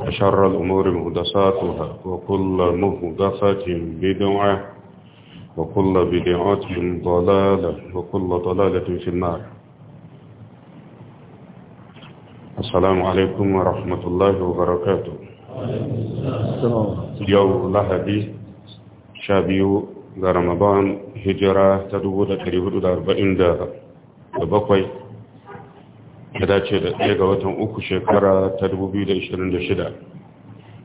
وشر الأمور مهدساتها وكل مهدسة بدعة وكل بدعة ضلالة وكل ضلالة في النار السلام عليكم ورحمة الله وبركاته يوم لهدي شابيو رمضان هجرة تدود تريد أربعين دار وبقي ya dace da ɗaya ga watan uku shekara ta 2026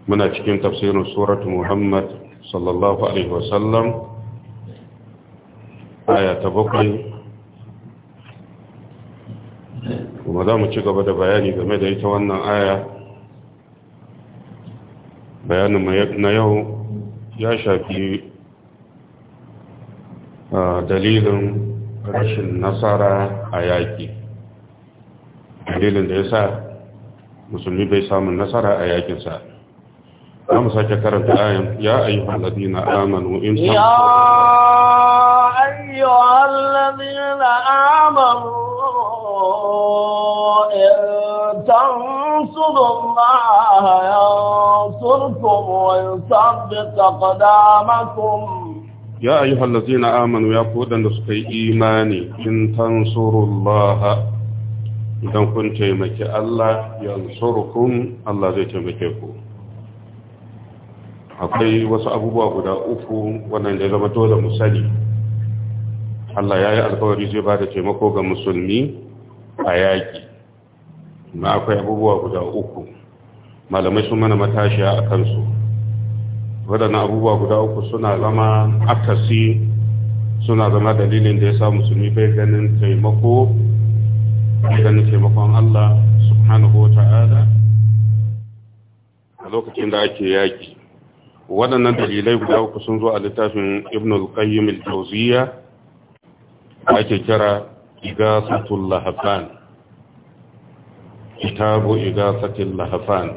muna cikin tafsirin suratu muhammad sallallahu alaihi wasallam aya ta bakwai kuma za mu ci gaba da bayani game da ita wannan aya bayanin na yau ya shafi ah, dalilin rashin nasara a yaƙi dalilin da ya sa musulmi bai samun nasara a yakinsa za mu sake karanta ayan ya ayyuhal na amanu in ya ayyuhal na amanu يا أيها الذين آمنوا يا قودا لسكي إيماني إن تنصروا الله idan kun taimaki Allah ya ansurukum Allah zai taimake ku akwai wasu abubuwa guda uku wannan da zama dole musali sani Allah ya yi alkawari zai bada da taimako ga musulmi a yaƙi ma akwai abubuwa guda uku malamai sun mana matashiya a kansu waɗannan abubuwa guda uku suna zama akasi suna zama dalilin da ya sa musulmi bai ganin taimako ganin taimakon Allah subhanahu wa ta'ala a lokacin da ake yaƙi waɗannan dalilai guda uku sun zo a littafin ibn al-qayyim al-jawziyya ake kira igasatul lahafan kitabu igasatul lahafan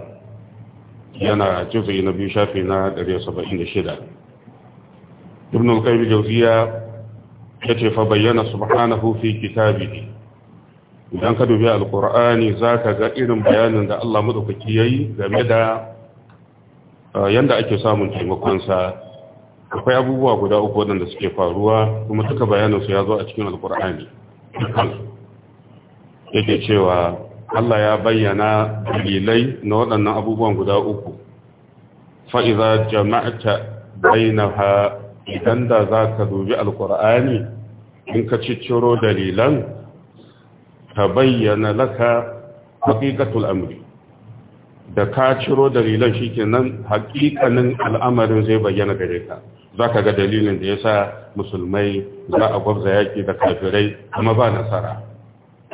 yana juzuyi na biyu shafi na 176 ibn al-qayyim al ya ce fa bayyana subhanahu fi kitabihi idan ka dubi alkur'ani za ka ga irin bayanin da Allah madaukaki ya yi game da uh, yadda ake samun taimakonsa akwai abubuwa guda uku waɗanda suke faruwa kuma duka su ya zo a cikin alkur'ani yake cewa Allah ya bayyana dalilai na waɗannan abubuwan guda uku fa'iza jama'ata bainaha idan da za ka dubi alkur'ani in ka cicciro dalilan tabayyana laka haqiqatul amri da ka ciro dalilan shi nan haƙiƙanin al'amarin zai bayyana gare ka za ka ga dalilin da ya sa musulmai za a gwabza yaƙi da kafirai kuma ba nasara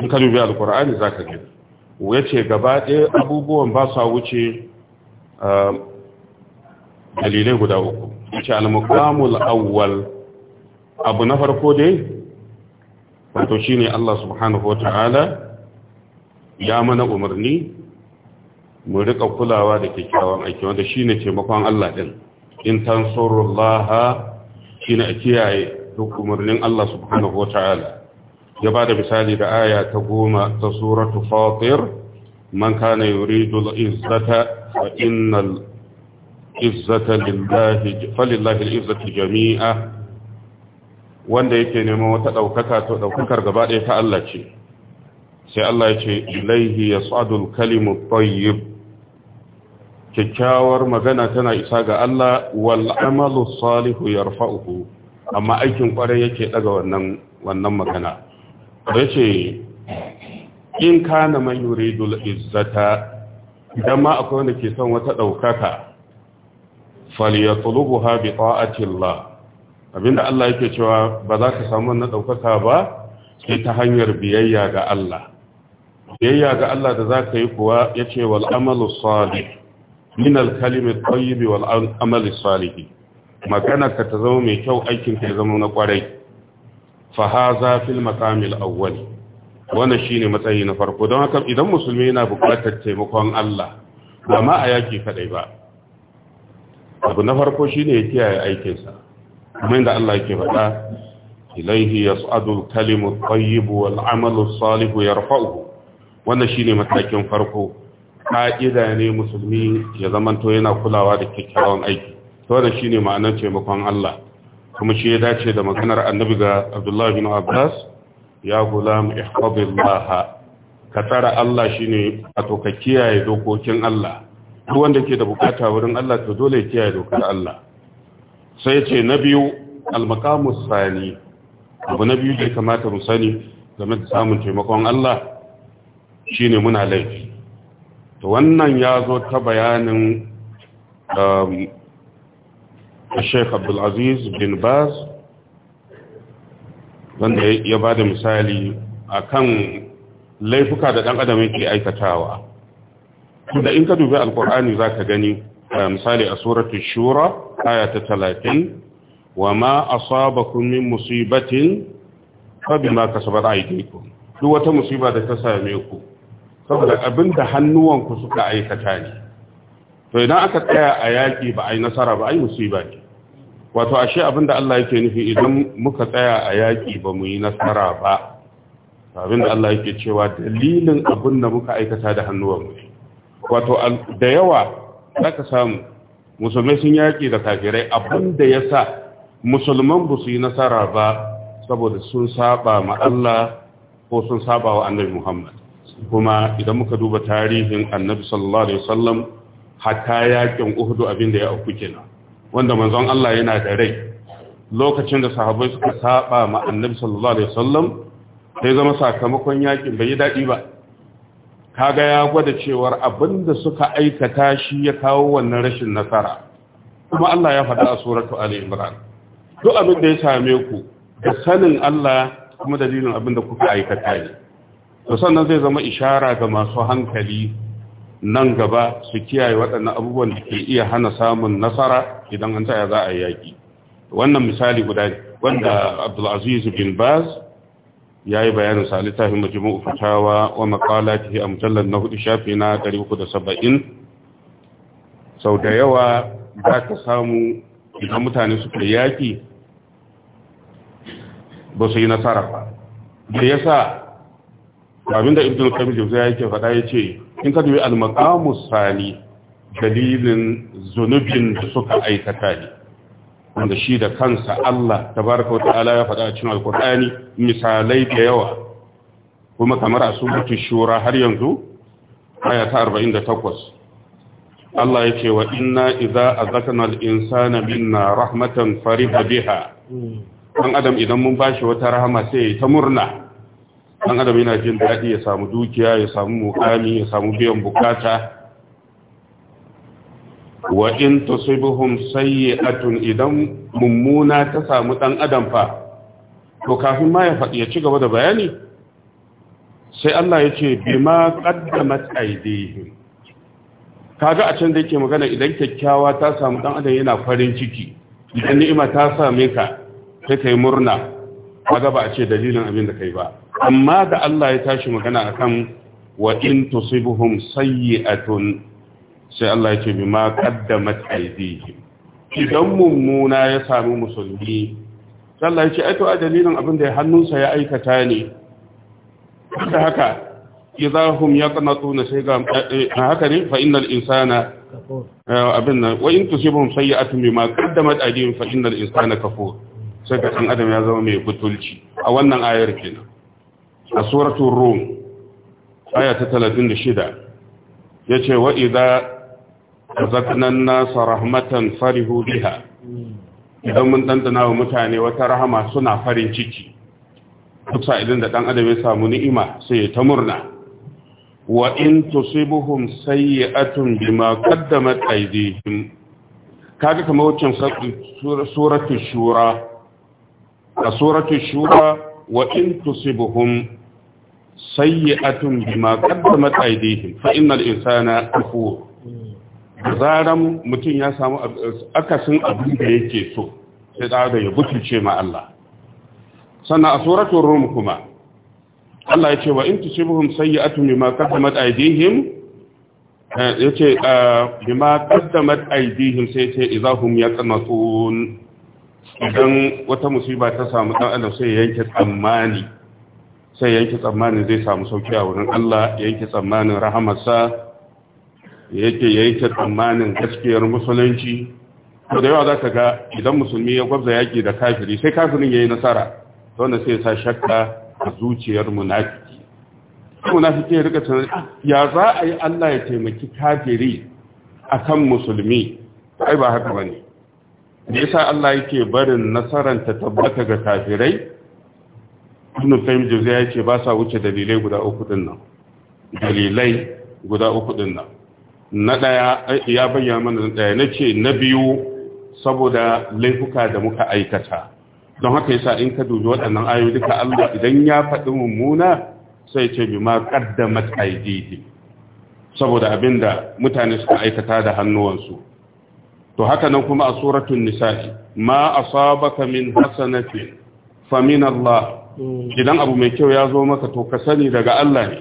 in ka dubi alqur'ani zaka ga ce gaba ɗaya abubuwan ba sa wuce dalilai guda uku ce al-muqamul awwal abu na farko dai wato shine Allah subhanahu ta'ala ya mana umarni mu rika kulawa da kyakkyawan aiki wanda shine taimakon Allah ɗin. in tansurullaha shine a kiyaye duk umarnin Allah subhanahu ta'ala. ya bada misali da aya ta goma ta suratu fatir man kana yuridu izzata fa innal izzata lillahi falillahi al-izzatu jami'a wanda yake neman wata ɗaukaka to ɗaukakar gaba ɗaya ta Allah ce sai Allah ya ce ilaihi ya tsadul kalimu tayyib kyakkyawar magana tana isa ga Allah walamalu amalu salihu yarfa'uhu amma aikin kwarai yake ɗaga wannan wannan magana yace in kana mai yuridul izzata idan ma akwai wanda ke son wata ɗaukaka falyatlubuha bi ta'ati abinda Allah yake cewa ba za ka samu na ɗaukaka ba sai ta hanyar biyayya ga Allah biyayya ga Allah da za ka yi kuwa ya ce "Wal'amalu amalu salih min al kalimi tayyibi wal ka ta zama mai kyau aikin ka zama na kwarai fa haza fil maqamil awwal wannan shine matsayi na farko don haka idan musulmi yana buƙatar taimakon Allah ba ma a yaki kaɗai ba abu na farko shine ya kiyaye aikinsa kamar yadda Allah yake faɗa ilaihi yas'adul kalimu tayyib wal amalu salihu yarfa'uhu wannan shine matakin farko ka'ida ne musulmi ya zamanto yana kulawa da kyakkyawan aiki to wannan shine ma'anar taimakon Allah kuma shi ya dace da maganar annabi ga Abdullah bin Abbas ya gulam ihfazillah ka tsara Allah shine to ka kiyaye dokokin Allah duk wanda ke da bukata wurin Allah to dole ya kiyaye dokar Allah sai ce na biyu almakamu sani abu na biyu da kamata mu sani game da samun taimakon Allah Shi ne muna laifi to wannan ya zo ta bayanin um, Sheikh Abdulaziz bin Baz wanda ya ba da misali a kan laifuka da ɗan adam yake aikatawa da in ka dubi alkur'ani za ka gani misali a suratul shura aya ta 30 wama asabakum min musibatin fa bima kasabat aydikum duk wata musiba da ta same ku saboda abinda hannuwanku suka aikata ne to idan aka tsaya a yaki ba ai nasara ba ai musiba ne wato ashe abinda Allah yake nufi idan muka tsaya a yaki ba mu yi nasara ba abinda Allah yake cewa dalilin abinda muka aikata da hannuwanmu wato da yawa za ka samu musulmai sun yaƙi da kafirai abinda ya sa musulman ba su yi nasara ba saboda sun saba ma Allah ko sun saba wa annabi Muhammad kuma idan muka duba tarihin annabi sallallahu alaihi wasallam hatta yakin Uhud abinda ya auku kenan wanda manzon Allah yana da rai lokacin da sahabbai suka saba ma annabi sallallahu alaihi wasallam sai zama sakamakon yaƙin bai yi daɗi ba kaga ya gwada cewar abinda suka aikata shi ya kawo wannan rashin nasara kuma Allah ya faɗa a suratu Ali Imran duk abin da ya same ku da sanin Allah kuma dalilin abin da kuka aikata ne to sannan zai zama ishara ga masu hankali nan gaba su kiyaye waɗannan abubuwan da ke iya hana samun nasara idan an tsaya za a yaki wannan misali guda wanda Abdul Aziz bin Baz Ya yi bayanin sa littafin majmu'u fatawa wa maqalatihi a mujallal na hudu shafi na 370 sau da yawa za ka samu idan mutane suka yaki ba su yi nasara ba da yasa abinda ibnu qayyim zai yake faɗa ce? in ka dubi al-maqamu sali dalilin zunubin da suka aikata ne wanda shi da kansa Allah tabaraka wata'ala ya faɗa cikin alkur'ani misalai da yawa kuma kamar a shura har yanzu aya ta 48 Allah ya ce wa inna idza azakna al-insana minna rahmatan fariha biha dan adam idan mun bashi wata rahama sai ta murna dan adam yana jin dadi ya samu dukiya ya samu mukami ya samu biyan bukata wa in tusibuhum sayyi'atun idan mummuna ta samu dan adam fa to kafin ma ya faɗi ya ci gaba da bayani sai Allah ya ce bima qaddamat aydihim kaga a can da yake magana idan kyakkyawa ta samu dan adam yana farin ciki idan ni'ima ta same ka sai kai murna kaga ba a ce dalilin abin da kai ba amma da Allah ya tashi magana akan wa in tusibuhum sayyi'atun sai Allah ya ce bi ma qaddamat aydihim idan mummuna ya samu musulmi sai Allah ya ce ai to a dalilin abin da hannunsa ya aikata ne da haka idahum yaqnatuna sai ga eh, haka ne fa innal insana eh, abin nan wa in tusibhum sayi'atun bima qaddamat aydihim fa innal insana kafur sai ka san adam ya zama mai butulci a wannan ayar kenan a suratul rum aya ta 36 yace wa idza razaqna nasa rahmatan farihu biha idan mun dandana wa mutane wata rahama suna farin ciki duk idan da dan adam ya samu ni'ima sai ya ta murna wa in tusibuhum sayyi'atun bima qaddamat aydihim kaga kamar wancan suratul shura a suratul shura wa in tusibuhum sayyi'atun bima qaddamat aydihim fa innal insana kafur da zaran mutum ya samu akasin abin da yake so sai da ya butulce ma Allah sannan a suratul rum kuma Allah ya ce wa in tusibuhum sayyi'atun bima qaddamat aydihim eh, yace ah, bima qaddamat aydihim sai ce idahum yaqnatun idan wata musiba ta samu dan Allah sai yanke tsammani sai yanke tsammani zai samu sauki a wurin Allah yanke tsammanin rahamarsa da yake yayi ta tsammanin gaskiyar musulunci to da yawa za ka ga idan musulmi ya gwabza yaki da kafiri sai kafirin yi nasara to wanda sai ya sa shakka a zuciyar munafiki munafiki ya rika tunanin ah, ya za a yi Allah ya taimaki kafiri akan musulmi ai ba haka bane me yasa Allah yake barin nasaran ta tabbata ga kafirai Ibn Qayyim Jawziya yake ba sa wuce dalilai guda uku din dalilai guda uku din na ɗaya ya bayyana mana na ɗaya na ce na biyu saboda laifuka da muka aikata don haka yasa in ka dubi waɗannan ayoyi duka Allah idan ya faɗi mummuna sai ce bi ma qaddamat aydihim saboda abinda mutane suka aikata da hannuwansu to haka nan kuma a suratul nisa'i ma asabaka min hasanatin fa min Allah mm. idan abu mai kyau ya zo maka to ka sani daga Allah ne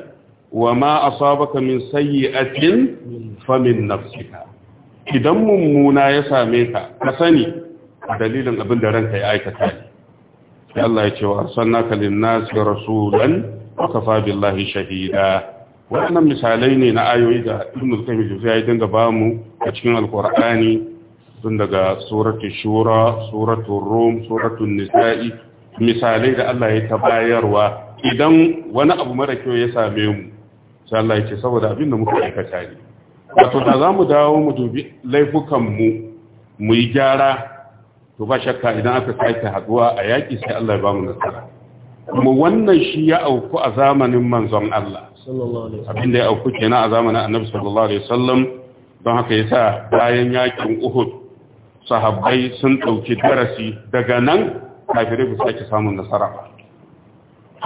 wa ma asabaka min sayyi'atin famin nafsika idan mummuna ya same ka ka sani dalilin abin da ranka ya aikata ne sai Allah ya ce wa arsalnaka lin-nasi rasulan kafa billahi shahida wannan misalai ne na ayoyi da Ibn al-Qayyim ya dinga ba mu a cikin Al-Qur'ani tun daga suratul shura suratul rum suratul nisa'i misalai da Allah ya ta bayarwa idan wani abu mara kyau ya same mu sha Allah ya ce saboda abin da muka aikata ne wato da za mu dawo mu dubi laifukanmu mu yi gyara to ba shakka idan aka sake haduwa a yaƙi sai Allah ya ba mu nasara kuma wannan shi ya auku a zamanin manzon Allah abin da ya auku kenan a zamanin annabi sallallahu alaihi wasallam don haka yasa bayan yakin Uhud sahabbai sun dauki darasi daga nan kafirai ba sake samun nasara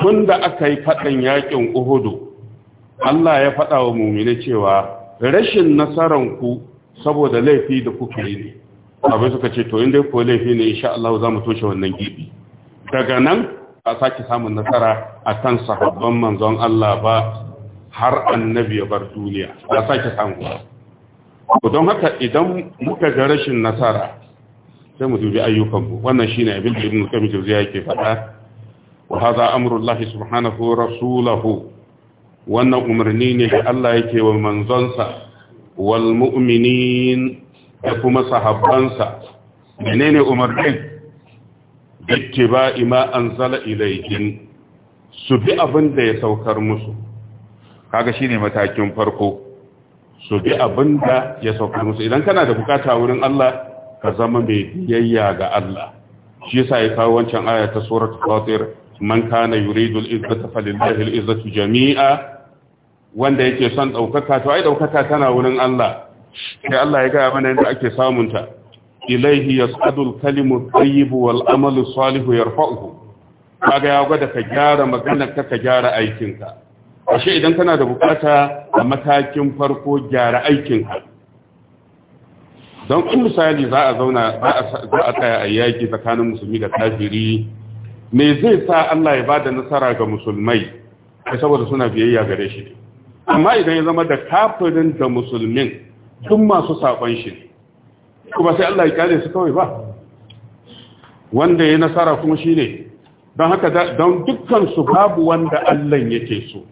tunda aka yi fadan yakin Uhud Allah ya faɗa wa mumine cewa rashin nasaranku saboda laifi da kuka yi ne abin suka ce to inda ko laifi ne insha Allah za mu toshe wannan gibi daga nan a sake samun nasara a kan sahabban manzon Allah ba har annabi ya bar duniya a sake samu don haka idan muka ga rashin nasara sai mu dubi ayyukanmu wannan shine abin da ibn qayyim jawziya yake faɗa wa hadha amru Allah subhanahu wa rasuluhu wannan umarni ne da Allah yake wa manzonsa wal mu'minin da kuma sahabbansa menene umarnin ittiba'i ma anzala ilayhim su bi abin da ya saukar musu kaga shine matakin farko su bi abin da ya saukar musu idan kana da bukata wurin Allah ka zama mai biyayya ga Allah shi yasa ya kawo wancan aya ta suratul fatir man kana yuridu al-izzata falillahi al-izzatu jami'a wanda yake son ɗaukaka to ai ɗaukaka tana wurin Allah sai Allah ya gaya mana yadda ake samunta ilaihi yas'adul kalimu tayyibu wal amalu salihu yarfa'uhu kaga ya gwada ka gyara maganar ka ka gyara aikinka ashe idan kana da bukata a matakin farko gyara aikinka don kun misali za a zauna za a tsaya a yaki tsakanin musulmi da kafiri me zai sa Allah ya bada nasara ga musulmai saboda suna biyayya gare shi amma idan ya zama da kafirin da musulmin tun masu saƙon shi kuma sai Allah ya kyale su kawai ba wanda ya nasara kuma shine don haka don dukkan babu wanda Allah yake so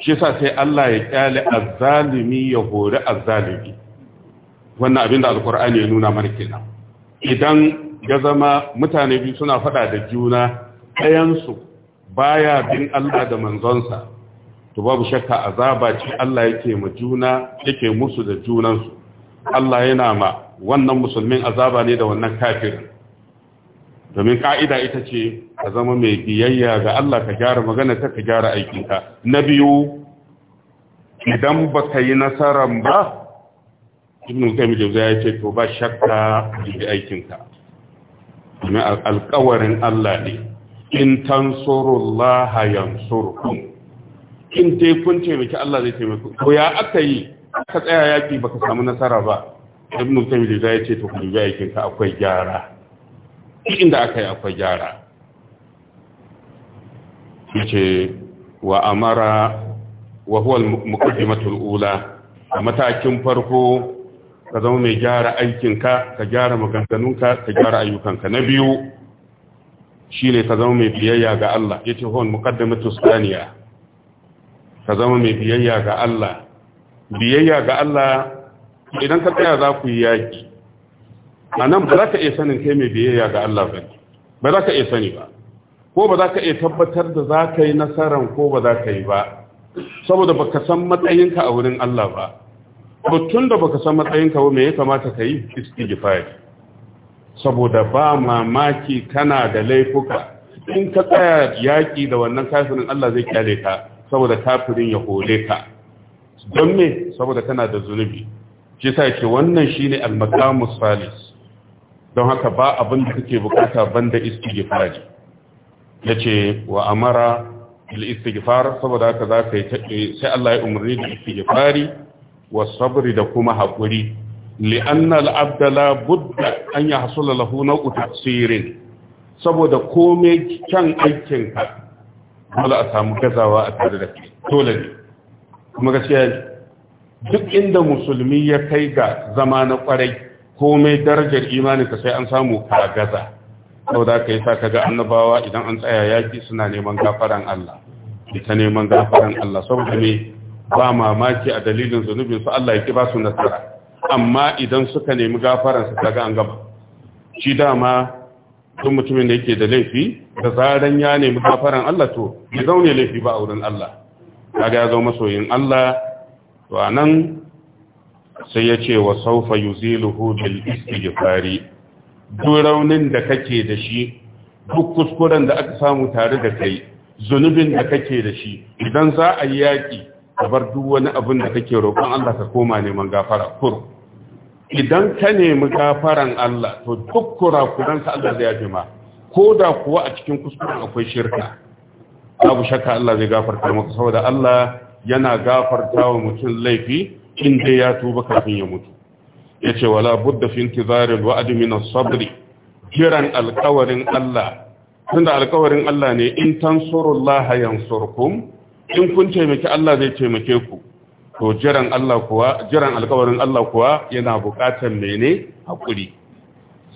shi sa sai Allah ya kyale azzalimi ya hori azzalimi wannan abinda alkur'ani ya nuna mana kenan idan ya zama mutane biyu suna fada da juna ɗayansu baya bin Allah da manzonsa to babu shakka azaba ce Allah yake ma juna yake musu da junansu Allah yana ma wannan musulmin azaba ne da wannan kafirin domin ka'ida ita ce ka zama mai biyayya ga Allah ka gyara magana ta ka gyara aikinka na biyu idan ba ka yi nasarar ba ibn qayyim jawziya zai ce to ba shakka da aikinka domin alƙawarin Allah ne in tansurullaha yansurkum in dai kun taimaki Allah zai taimaki ko ya aka yi ka tsaya yaki baka samu nasara ba ibn taymiyyah da yace to kun ga yakin ka akwai gyara inda aka yi akwai gyara yace wa amara wa huwa al al ula matakin farko ka zama mai gyara aikinka ka gyara maganganunka ka gyara ayyukanka na biyu shi ne ka zama mai biyayya ga Allah ya ce muqaddimatu mukaddamatus saniya ka zama mai biyayya ga Allah biyayya ga Allah idan ka tsaya za ku yi yaƙi a nan ba za ka iya sanin kai mai biyayya ga Allah ba ba za ka iya sani ba ko ba za ka iya tabbatar da za ka yi nasaran ko ba za ka yi ba saboda ba ka san matsayinka a wurin Allah ba tun da ba ka san matsayinka ba me ya kamata ka yi istighfar saboda ba mamaki kana da laifuka in ka tsaya yaƙi da wannan kafirin Allah zai kyale ka saboda kafirin ya hole ka don me saboda kana da zunubi shi sa wannan shine al-maqamu salis don haka ba abin da kake bukata banda istighfari yace wa amara bil istighfar saboda haka zaka yi eh, sai Allah ya umarni da istighfari wa sabri da kuma hakuri li'anna al-abda la budda an yahsula lahu nau'u tafsirin saboda komai kyan aikinka dole a samu gazawa a tare da kai dole ne kuma gaskiya duk inda musulmi ya kai ga zama na kwarai komai darajar imanin ka sai an samu ka gaza sau da ka yi sa kaga annabawa idan an tsaya yaki suna neman gafaran Allah ita neman gafaran Allah saboda me ba mamaki a dalilin zunubin su Allah ya ki ba su nasara amma idan suka nemi gafaran su kaga an gaba shi dama duk mutumin da yake da laifi da zaran ya nemi gafaran Allah to ya zaune laifi ba a wurin Allah kaga ya zama masoyin Allah to anan sai ya ce wa saufa yuziluhu bil istighfari duk raunin da kake da shi duk kuskuren da aka samu tare da kai zunubin da kake da shi idan za a yi yaƙi, ka bar duk wani abin da kake roƙon Allah ka koma neman gafara kur idan ka nemi gafaran Allah to duk kurakuranka Allah zai yafe ma ko da kuwa a cikin kuskuren akwai shirka babu shakka Allah zai gafarta maka saboda Allah yana gafarta wa mutum laifi in dai ya tuba kafin ya mutu yace wala budda fi intizari alwa'd min as-sabr jiran alqawarin Allah tunda alqawarin Allah ne in tansurullaha yansurkum in kun taimaki Allah zai taimake ku to jiran Allah kuwa jiran alkawarin Allah kuwa yana buƙatar mene hakuri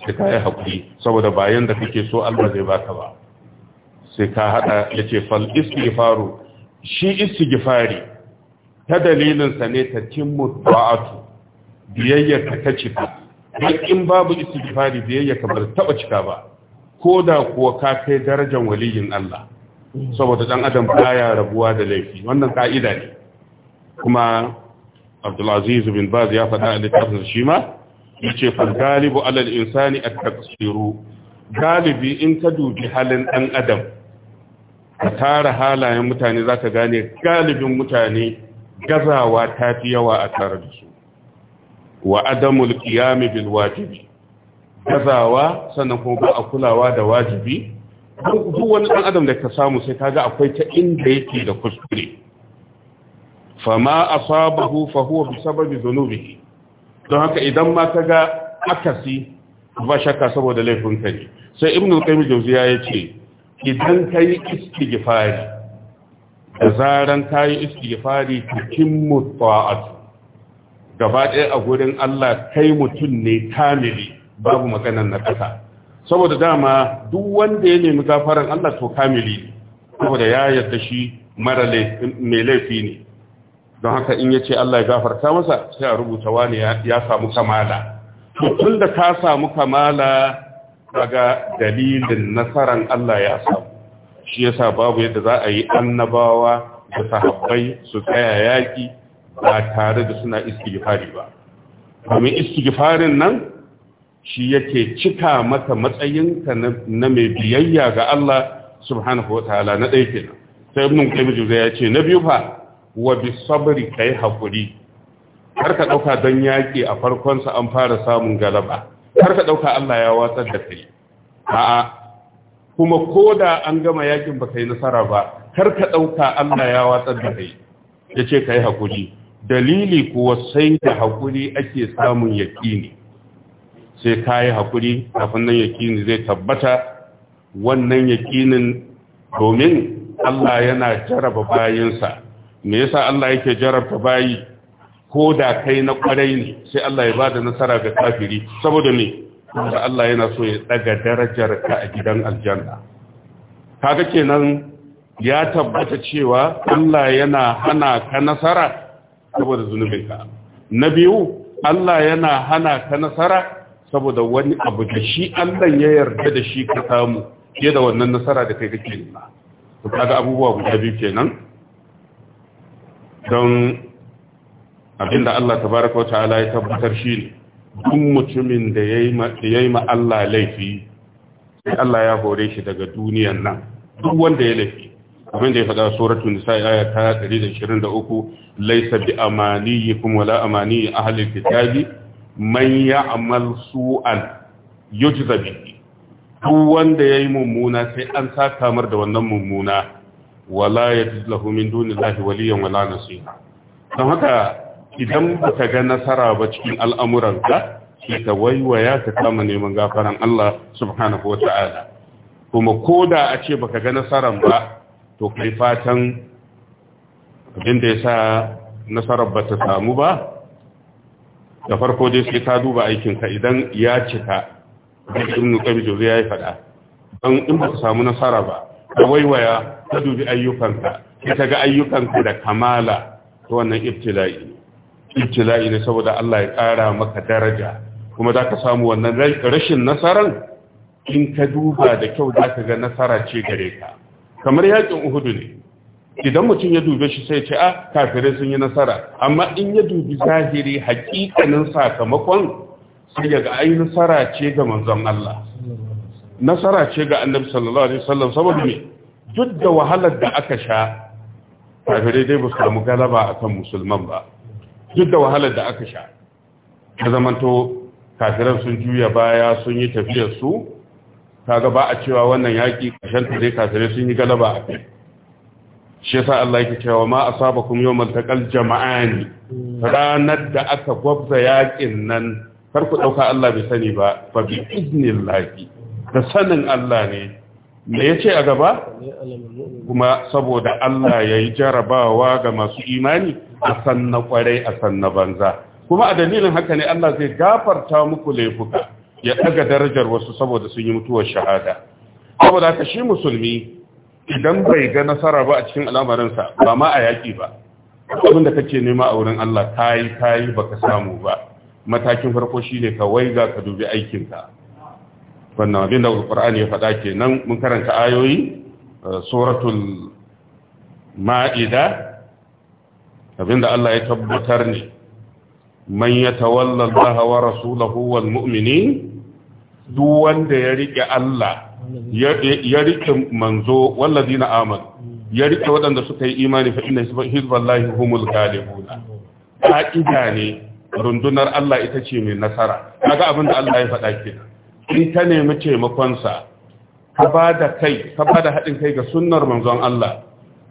sai ka yi hakuri saboda bayan da kake so Allah zai baka ba sai ka hada yace fal istighfaru shi istighfari ta dalilin sa ne ta timmu ta'atu biyayya ka ta cika duk in babu istighfari biyayya ka ba ta cika ba koda kuwa ka kai darajar waliyin Allah saboda dan adam baya rabuwa da laifi wannan ka'ida ne kuma abdulaziz bin baz ya faɗa a littafin shi ma ya ce galibu alal insani a taksiru galibi in ka dubi halin ɗan adam ka tara halayen mutane za ka gane galibin mutane gazawa ta fi yawa a tare da su wa adamul qiyami bil wajibi gazawa sannan kuma ba a kulawa da wajibi duk wani ɗan adam da ka samu sai kaga akwai ta inda yake da kuskure fama asabahu fa huwa bi sababi don haka idan ma kaga akasi ba shakka saboda laifin kai sai ibnu qayyim jawziya yace idan kai istighfari da zaran kai istighfari kimmu ta'at gaba ɗaya a gurin Allah kai mutum ne kamili babu maganar na ƙasa saboda dama duk wanda ya nemi gafaran Allah to kamili saboda ya yarda shi mara mai laifi ne don haka in ya ce Allah ya gafarta masa sai a rubuta wani ya samu kamala tun da ka samu kamala daga dalilin nasaran Allah ya samu shi yasa babu yadda za a yi annabawa da sahabbai su tsaya yaƙi ba tare da suna istighfari ba domin istighfarin nan shi yake cika maka matsayinka na mai biyayya ga Allah subhanahu wataala na ɗaya kenan sai ibn qayyim juzayya ya ce na biyu fa wa bi sabri kai hakuri har ka dauka dan yaki a farkon sa an fara samun galaba har ka dauka Allah ya watsar da kai a'a kuma koda an gama yakin ba kai nasara ba har ka dauka Allah ya watsar da kai yace kai hakuri dalili kuwa sai da hakuri ake samun yaqini sai ka hakuri kafin nan yakini zai tabbata wannan yakinin domin Allah yana jaraba bayansa me yasa Allah yake jarabta bayi ko da kai na kwarai ne sai Allah ya bada nasara ga kafiri saboda ne da Allah yana so ya daga darajar ka a gidan aljanna kaga kenan ya tabbata cewa Allah yana hana ka nasara saboda zunubinka na biyu Allah yana hana ka nasara saboda wani abu da shi Allah ya yarda da shi ka samu fiye da wannan nasara da kai kake nema to kaga abubuwa guda biyu kenan don abinda Allah tabaraka wa ta'ala ya tabbatar shi ne duk mutumin da ya yi ma Allah laifi sai Allah ya hore shi daga duniyan nan duk wanda ya laifi abin da ya faɗa suratul nisa aya ta 123 laysa bi amaniyikum wala amani ahli kitabi man ya'mal su'an yujza bihi duk wanda ya yi mummuna sai an sa mar da wannan mummuna wala ya lahu min dunillahi waliyan wala nasiha don haka idan baka ga nasara ba cikin al'amuran ka, shi ta waiwaya ka kama neman gafaran Allah subhanahu wa ta'ala kuma ko da a ce baka ga nasaran ba to kai fatan abinda ya sa nasarar ba ta samu ba da farko dai sai ka duba ka idan ya cika ibn qabi ya yayi fada don in ba ka samu nasara ba Ka waiwaya ta dubi ayyukanka ta ga ayyukanka da kamala ta wannan ibtila'i ne ibtila'i ne saboda Allah ya ƙara maka daraja kuma za ka samu wannan rashin nasaran in ka duba da kyau za ka ga nasara ce gare ka kamar yakin uhudu ne idan mutum ya dube shi sai ce a ah, kafirai sun yi nasara amma in ya dubi zahiri hakikanin sakamakon sai ya ga ai nasara ce ga manzon Allah nasara ce ga annabi sallallahu alaihi wasallam saboda me duk da wahalar da aka sha kafirai dai ba su samu galaba akan musulman ba duk da wahalar da aka sha ta zamanto kafiran sun juya baya sun yi tafiyar su kaga ba a cewa wannan yaki kashin ta dai kafirai sun yi galaba a kai shi yasa Allah yake cewa ma asabakum yawmal taqal jama'ani ranar da aka gwabza yakin nan kar ku dauka Allah bai sani ba fa bi iznillahi da sanin Allah ne da ya ce a gaba kuma saboda Allah ya yi jarabawa ga masu imani a san na kwarai a san na banza kuma a dalilin haka ne Allah zai gafarta muku laifuka ya daga darajar wasu saboda sun yi mutuwar shahada saboda ka shi musulmi idan bai ga nasara ba a cikin al'amarinsa ba ma a yaƙi ba abin da kake nema a wurin Allah kayi kayi baka samu ba matakin farko shine ka waiga ka dubi aikinka wannan abin da alkur'ani ya faɗa nan mun karanta ayoyi eh, suratul ma'ida abin da Allah ya tabbatar ne man yatawalla Allah wa rasulahu wal mu'minin duk wanda ya rike Allah ya rike manzo wallazi na aman ya rike waɗanda suka yi imani fa inna hizballahi humul ghalibuna ka'ida ne rundunar Allah ita ce mai nasara kaga abin da Allah ya faɗa kenan in ka nemi taimakonsa ka ba da kai ka ba da haɗin kai ga sunnar manzon Allah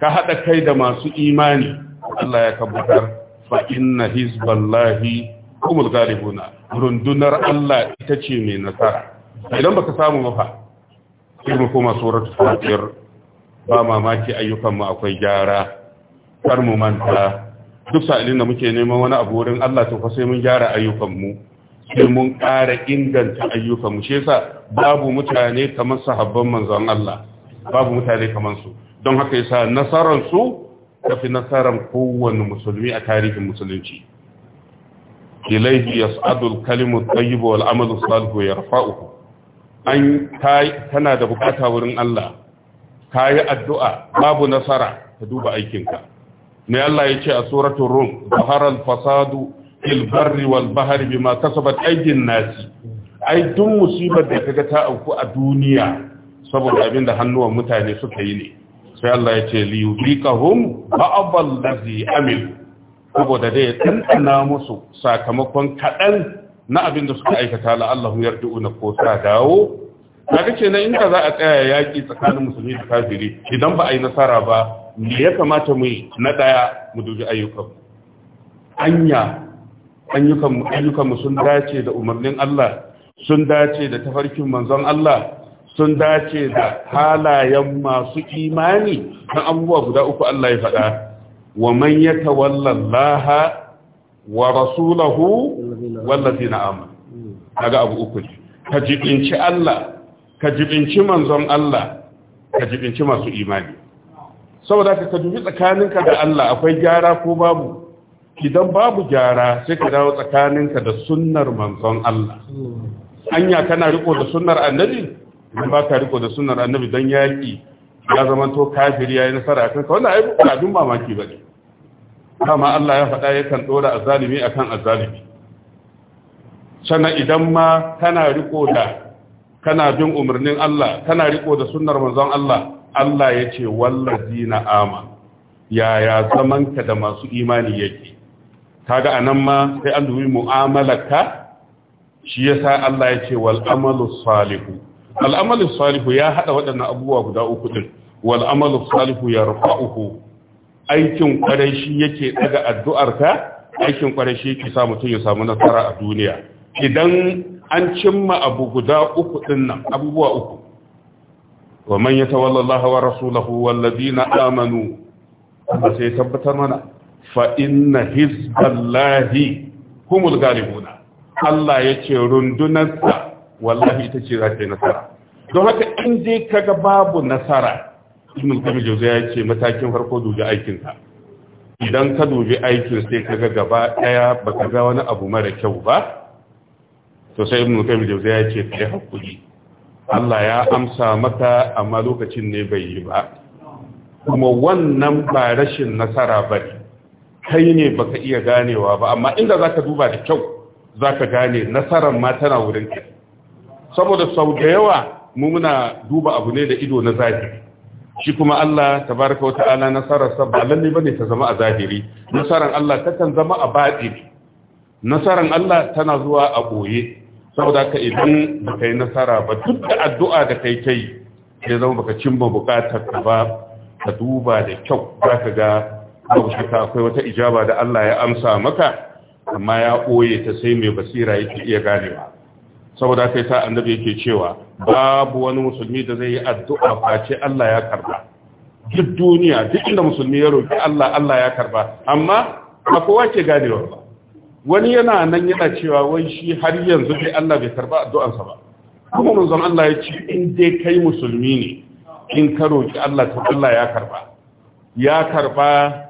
ka haɗa kai da masu imani Allah ya tabbatar fa inna hizballahi humul galibuna rundunar Allah ita ce mai nasara idan baka samu mafa sai mu koma suratul fatir ba mamaki ayyukan mu akwai gyara kar mu manta duk sa'ilin da muke neman wani abu wurin Allah to fa sai mun gyara ayyukan mu sai mun ƙara inganta ayyuka mu shi yasa babu mutane kamar sahabban manzon Allah babu mutane kamar su don haka yasa nasaran su tafi nasaran kowanne musulmi a tarihin musulunci ilayhi yas'adu al-kalimu at tayyibu wal amalu salihu yarfa'uhu an tana da bukata wurin Allah kayi addu'a babu nasara ka duba aikinka mai Allah ya ce a suratul rum al fasadu fil barri wal bahri bima kasabat aydin nasi ai duk musibar da kaga ta auku a duniya saboda abinda hannuwan mutane suka yi ne sai Allah ya ce li yubiqahum ba'dal ladzi amil saboda dai tantana musu sakamakon kadan na abin da suka aikata la Allahu yarji'una ko sa dawo kaga kenan na inda za a tsaya yaki tsakanin musulmi da kafiri idan ba a yi nasara ba me ya kamata mu yi na daya mu dubi ayyukan anya ayyukanmu sun dace da umarnin Allah sun dace da tafarkin manzon Allah sun dace da halayen masu imani na abubuwa guda uku Allah ya faɗa wa man yatawalla Allah wa rasulahu wallazina na'ama. kaga abu uku ne. ka jibinci Allah ka jibinci manzon Allah ka jibinci masu imani saboda ka dubi tsakaninka da Allah akwai gyara ko babu idan babu gyara sai ka dawo tsakaninka da sunnar manzon Allah anya kana riko da sunnar annabi idan ba ka riko da sunnar annabi don yaƙi ya zama to kafiri ya yi nasara a kanka wannan ai abin mamaki ba ne kama Allah ya faɗa yakan ɗora azalimi akan azalimi sannan idan ma kana riko da kana bin umarnin Allah kana riko da sunnar manzon Allah Allah ya ce na, amanu yaya zamanka da masu imani yake kaga anan ma sai an dubi mu'amalarka shi yasa Allah ya ce wal amalu salihu al amalu salihu ya hada waɗannan abubuwa guda uku din wal amalu salihu yarfa'uhu aikin kwarai shi yake daga addu'arka aikin kwarai shi yake sa mutum ya samu nasara a duniya idan an cimma abu guda uku din nan abubuwa uku wa man yatawalla Allah wa rasulahu wal ladina amanu sai tabbatar mana fa inna hizballahi humul galibuna Allah ya ce rundunarsa wallahi ita ce za yi nasara don haka in je kaga babu nasara ibn qayyim jauzi ya matakin farko dubi aikinka idan ka dubi aikin sai kaga gaba daya baka ga wani abu mara kyau ba to sai ibn qayyim jauzi ya ce kai hakuri Allah ya amsa mata amma lokacin ne bai yi ba kuma wannan ba rashin nasara bane kai ne baka iya ganewa ba amma inda zaka duba da kyau zaka gane nasarar ma tana wurin kai saboda sau da yawa mu muna duba abu ne da ido na zahiri shi kuma Allah tabaraka ala nasarar ba lalle bane ta zama a zahiri nasaran Allah ta kan zama a baɗi nasaran Allah tana zuwa a boye saboda ka idan baka yi nasara ba duk da addu'a da kai kai sai zama baka cimma bukatar ka ba ka duba da kyau zaka ga babu shakka akwai wata ijaba da Allah ya amsa maka amma ya ɓoye ta sai mai basira yake iya ganewa saboda kai ta annabi yake cewa babu wani musulmi da zai yi addu'a face Allah ya karba duk duniya duk inda musulmi ya roki Allah Allah ya karba amma ba kowa ke ganewa ba wani yana nan yana cewa wai shi har yanzu dai Allah bai karba sa ba kuma manzon Allah ya ce in dai kai musulmi ne in ka roki Allah to Allah ya karba ya karba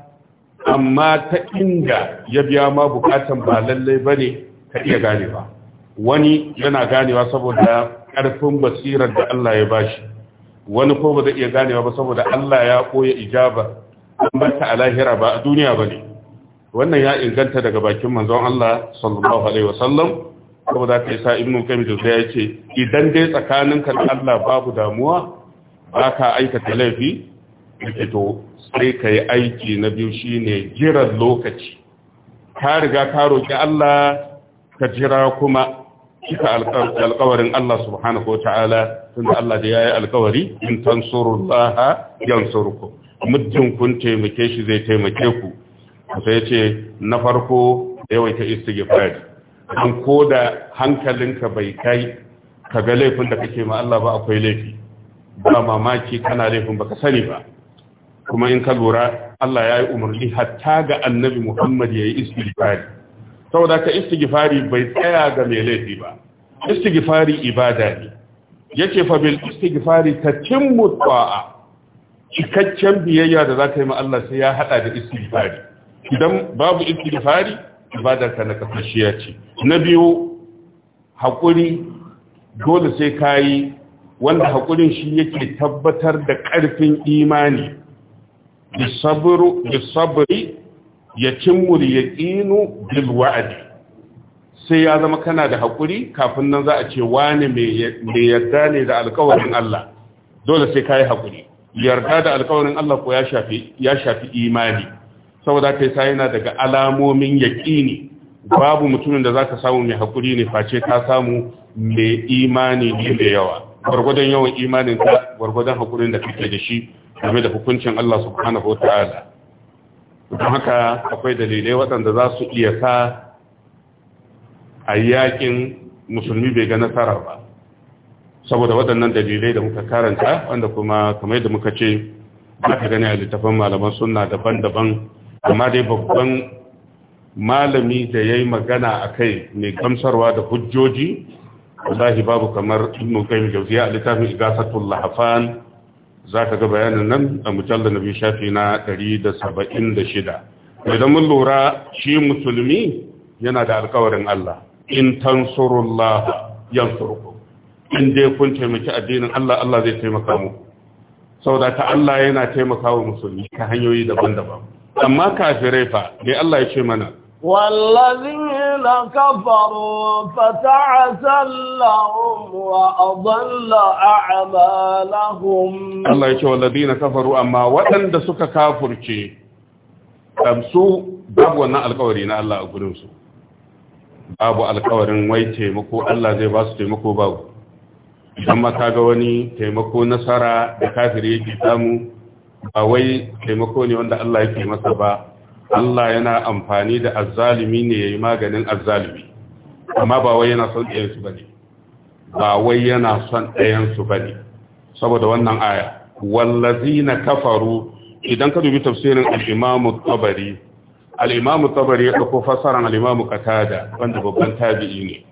amma ta inda ya biya ma bukatan ba lallai ba ne, ka iya gane wani yana ganewa saboda ƙarfin basirar da Allah ya bashi wani ko ba zai iya ganewa ba saboda Allah ya koya ijaba an ba a lahira ba a duniya ba ne wannan ya inganta daga bakin manzon Allah sallallahu alaihi wasallam saboda kai sa ibnu qayyim da ya ce idan dai tsakaninka da Allah babu damuwa baka aikata laifi to sai ka yi aiki na biyu shine jiran lokaci ka riga ka roƙi Allah ka jira kuma kika alƙawarin Allah subhanahu wa ta'ala tun da Allah da ya yi alƙawari in yan yansurku muddin kun taimake shi zai taimake ku sai ce na farko yawaita istighfari an koda hankalinka bai kai ka ga laifin da kake ma Allah ba akwai laifi ba mamaki kana laifin ba ka sani ba kuma in ka lura Allah ya yi umarni hatta ga annabi Muhammad ya yi istighfari saboda ka istighfari bai tsaya ga mai laifi ba istighfari ibada ne yake fa bil istighfari tatimmu ta'a cikakken biyayya da ka yi ma Allah sai ya haɗa da istighfari idan babu istighfari ibada ka na kafashiya ce na biyu haƙuri dole sai kayi wanda haƙurin shi yake tabbatar da ƙarfin imani bisabri ya cimmul yaƙinu bil wa'adi sai ya zama kana da hakuri kafin nan za a ce wani mai yarda ne da alkawarin Allah dole sai yi hakuri yarda da alkawarin Allah ko ya shafi imani saboda kai sai yana daga alamomin yaƙini babu mutumin da zaka samu mai hakuri ne face ka samu mai imani ne da yawa gwargwadon yawan imanin ka gwargwadon hakurin da kake da shi game da hukuncin Allah subhanahu wa ta'ala don haka akwai dalilai waɗanda za su iya sa a yakin musulmi bai ga nasara ba saboda waɗannan dalilai da muka karanta wanda kuma kamar da muka ce aka gani a littafin malaman suna daban-daban amma dai babban malami da ya yi magana a kai mai gamsarwa da hujjoji wallahi babu kamar ibn qayyim jawziya a littafin igasatul lahafan za ka ga bayanin nan a mujallar na biyu shafi na 176 idan mun lura shi musulmi yana da alkawarin Allah in tansurullah yansurku in dai kun taimaki addinin Allah Allah zai taimaka mu saboda ta Allah yana taimaka wa musulmi ta hanyoyi daban-daban amma kafirai fa dai Allah ya ce mana والذين كفروا فتعسى لهم وأضل أعمالهم الله يقول والذين كفروا أما وطن دسك كافر شيء أمسوا باب ونا القورين الله أقولنسوا باب القورين ويتي مكو الله زي باس مكو باب amma ma ka ga wani taimako nasara da kafiri yake samu ba wai taimako ne wanda Allah yake masa ba Allah yana amfani da azzalimi ne yayi maganin azzalimi amma ba wai yana son ɗayan su bane ba wai yana son ɗayan su bane saboda wannan aya na kafaru idan ka dubi tafsirin al-Imam tabari al tabari ya ɗauko fasaran al-Imam wanda babban tabi'i ne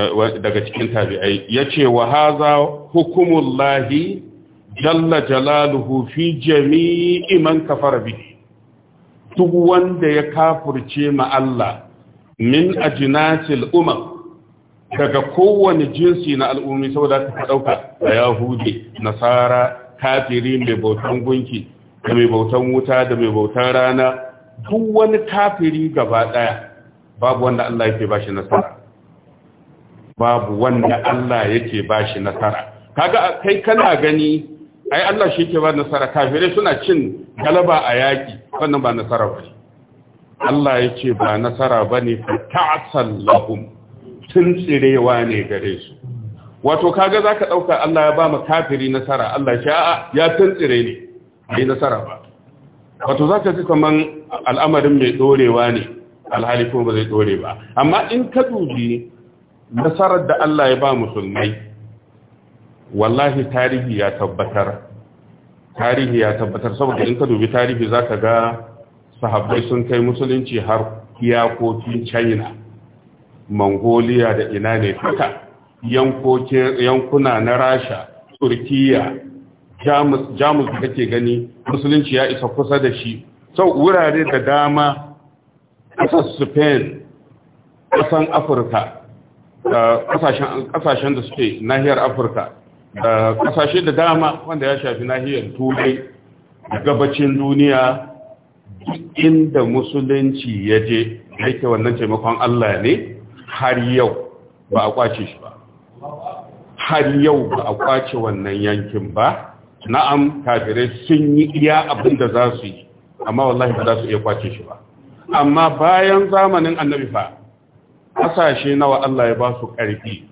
eh, daga cikin tabi'ai yace wa haza hukumullahi jalla jalaluhu fi jami'i man kafara bihi duk wanda ya kafurce ma Allah min ajinatil umam daga kowane jinsi na al'ummi saboda ta ɗauka da yahudi nasara kafiri mai bautan gunki da mai bautan wuta da mai bautan rana duk wani kafiri gaba ɗaya babu wanda Allah yake bashi nasara babu wanda Allah yake bashi nasara kaga kai kana gani ai Allah shi yake ba nasara kafirai suna cin galaba a yaƙi. wannan ba nasara ba Allah ya ce ba nasara ba ne ta'asal lahum tun tsirewa ne gare su wato kaga za ka ɗauka Allah ya ba mu kafiri nasara Allah sha'a ya tun tsire ne bai nasara ba wato za ka ji kaman al'amarin mai ɗorewa ne alhali kuma ba zai ɗore ba amma in ka dubi nasarar da Allah ya ba musulmai wallahi tarihi ya tabbatar tarihi ya tabbatar saboda in ka dubi tarihi za ka ga sahabbai sun kai musulunci har iyakokin china mongolia da ina ne fita? yankuna na rasha turkiya jamus da kake gani musulunci ya isa kusa da shi sau wurare da dama ƙasar spain ƙasan afirka ƙasashen da suke nahiyar afirka da kasashe da dama wanda ya shafi nahiyar turai a gabacin duniya inda musulunci ya je yake wannan taimakon Allah ne har yau ba a kwace shi ba har yau ba a kwace wannan yankin ba na'am kafirai sun yi iya abin da za su yi amma wallahi ba za su iya kwace shi ba amma bayan zamanin annabi fa kasashe nawa Allah ya ba su ƙarfi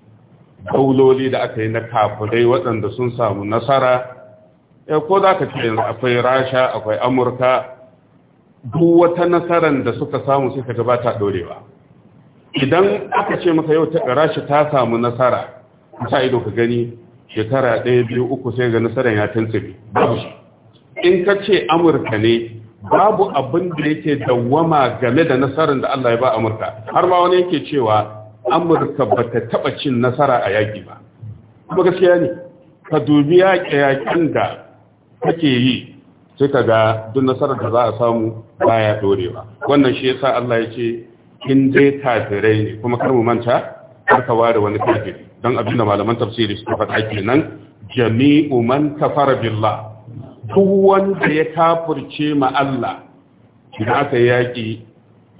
kauloli da aka yi na kafirai waɗanda sun samu nasara ya ko za ka ce akwai rasha akwai amurka duk wata nasarar da suka samu suka gabata ɗorewa idan aka ce maka yau rasha ta samu nasara sa ido ka gani shekara ɗaya biyu uku sai ga nasarar ya tantabe babu shi in ka ce amurka ne babu abin da yake dawwama game da nasarar da allah ya ba amurka har ma wani yake cewa amurka ba ta taɓa cin nasara a yaƙi ba kuma gaskiya ne ka dubi yaƙe-yaƙen da kake yi sai ka ga duk nasarar da za a samu baya ɗorewa wannan shi yasa Allah ya ce in dai tafirai ne kuma kar mu manta kar ka ware wani kafiri don abin da malaman tafsiri suka faɗa kenan jami'u man kafara billah duk wanda ya kafurce ma Allah idan aka yaƙi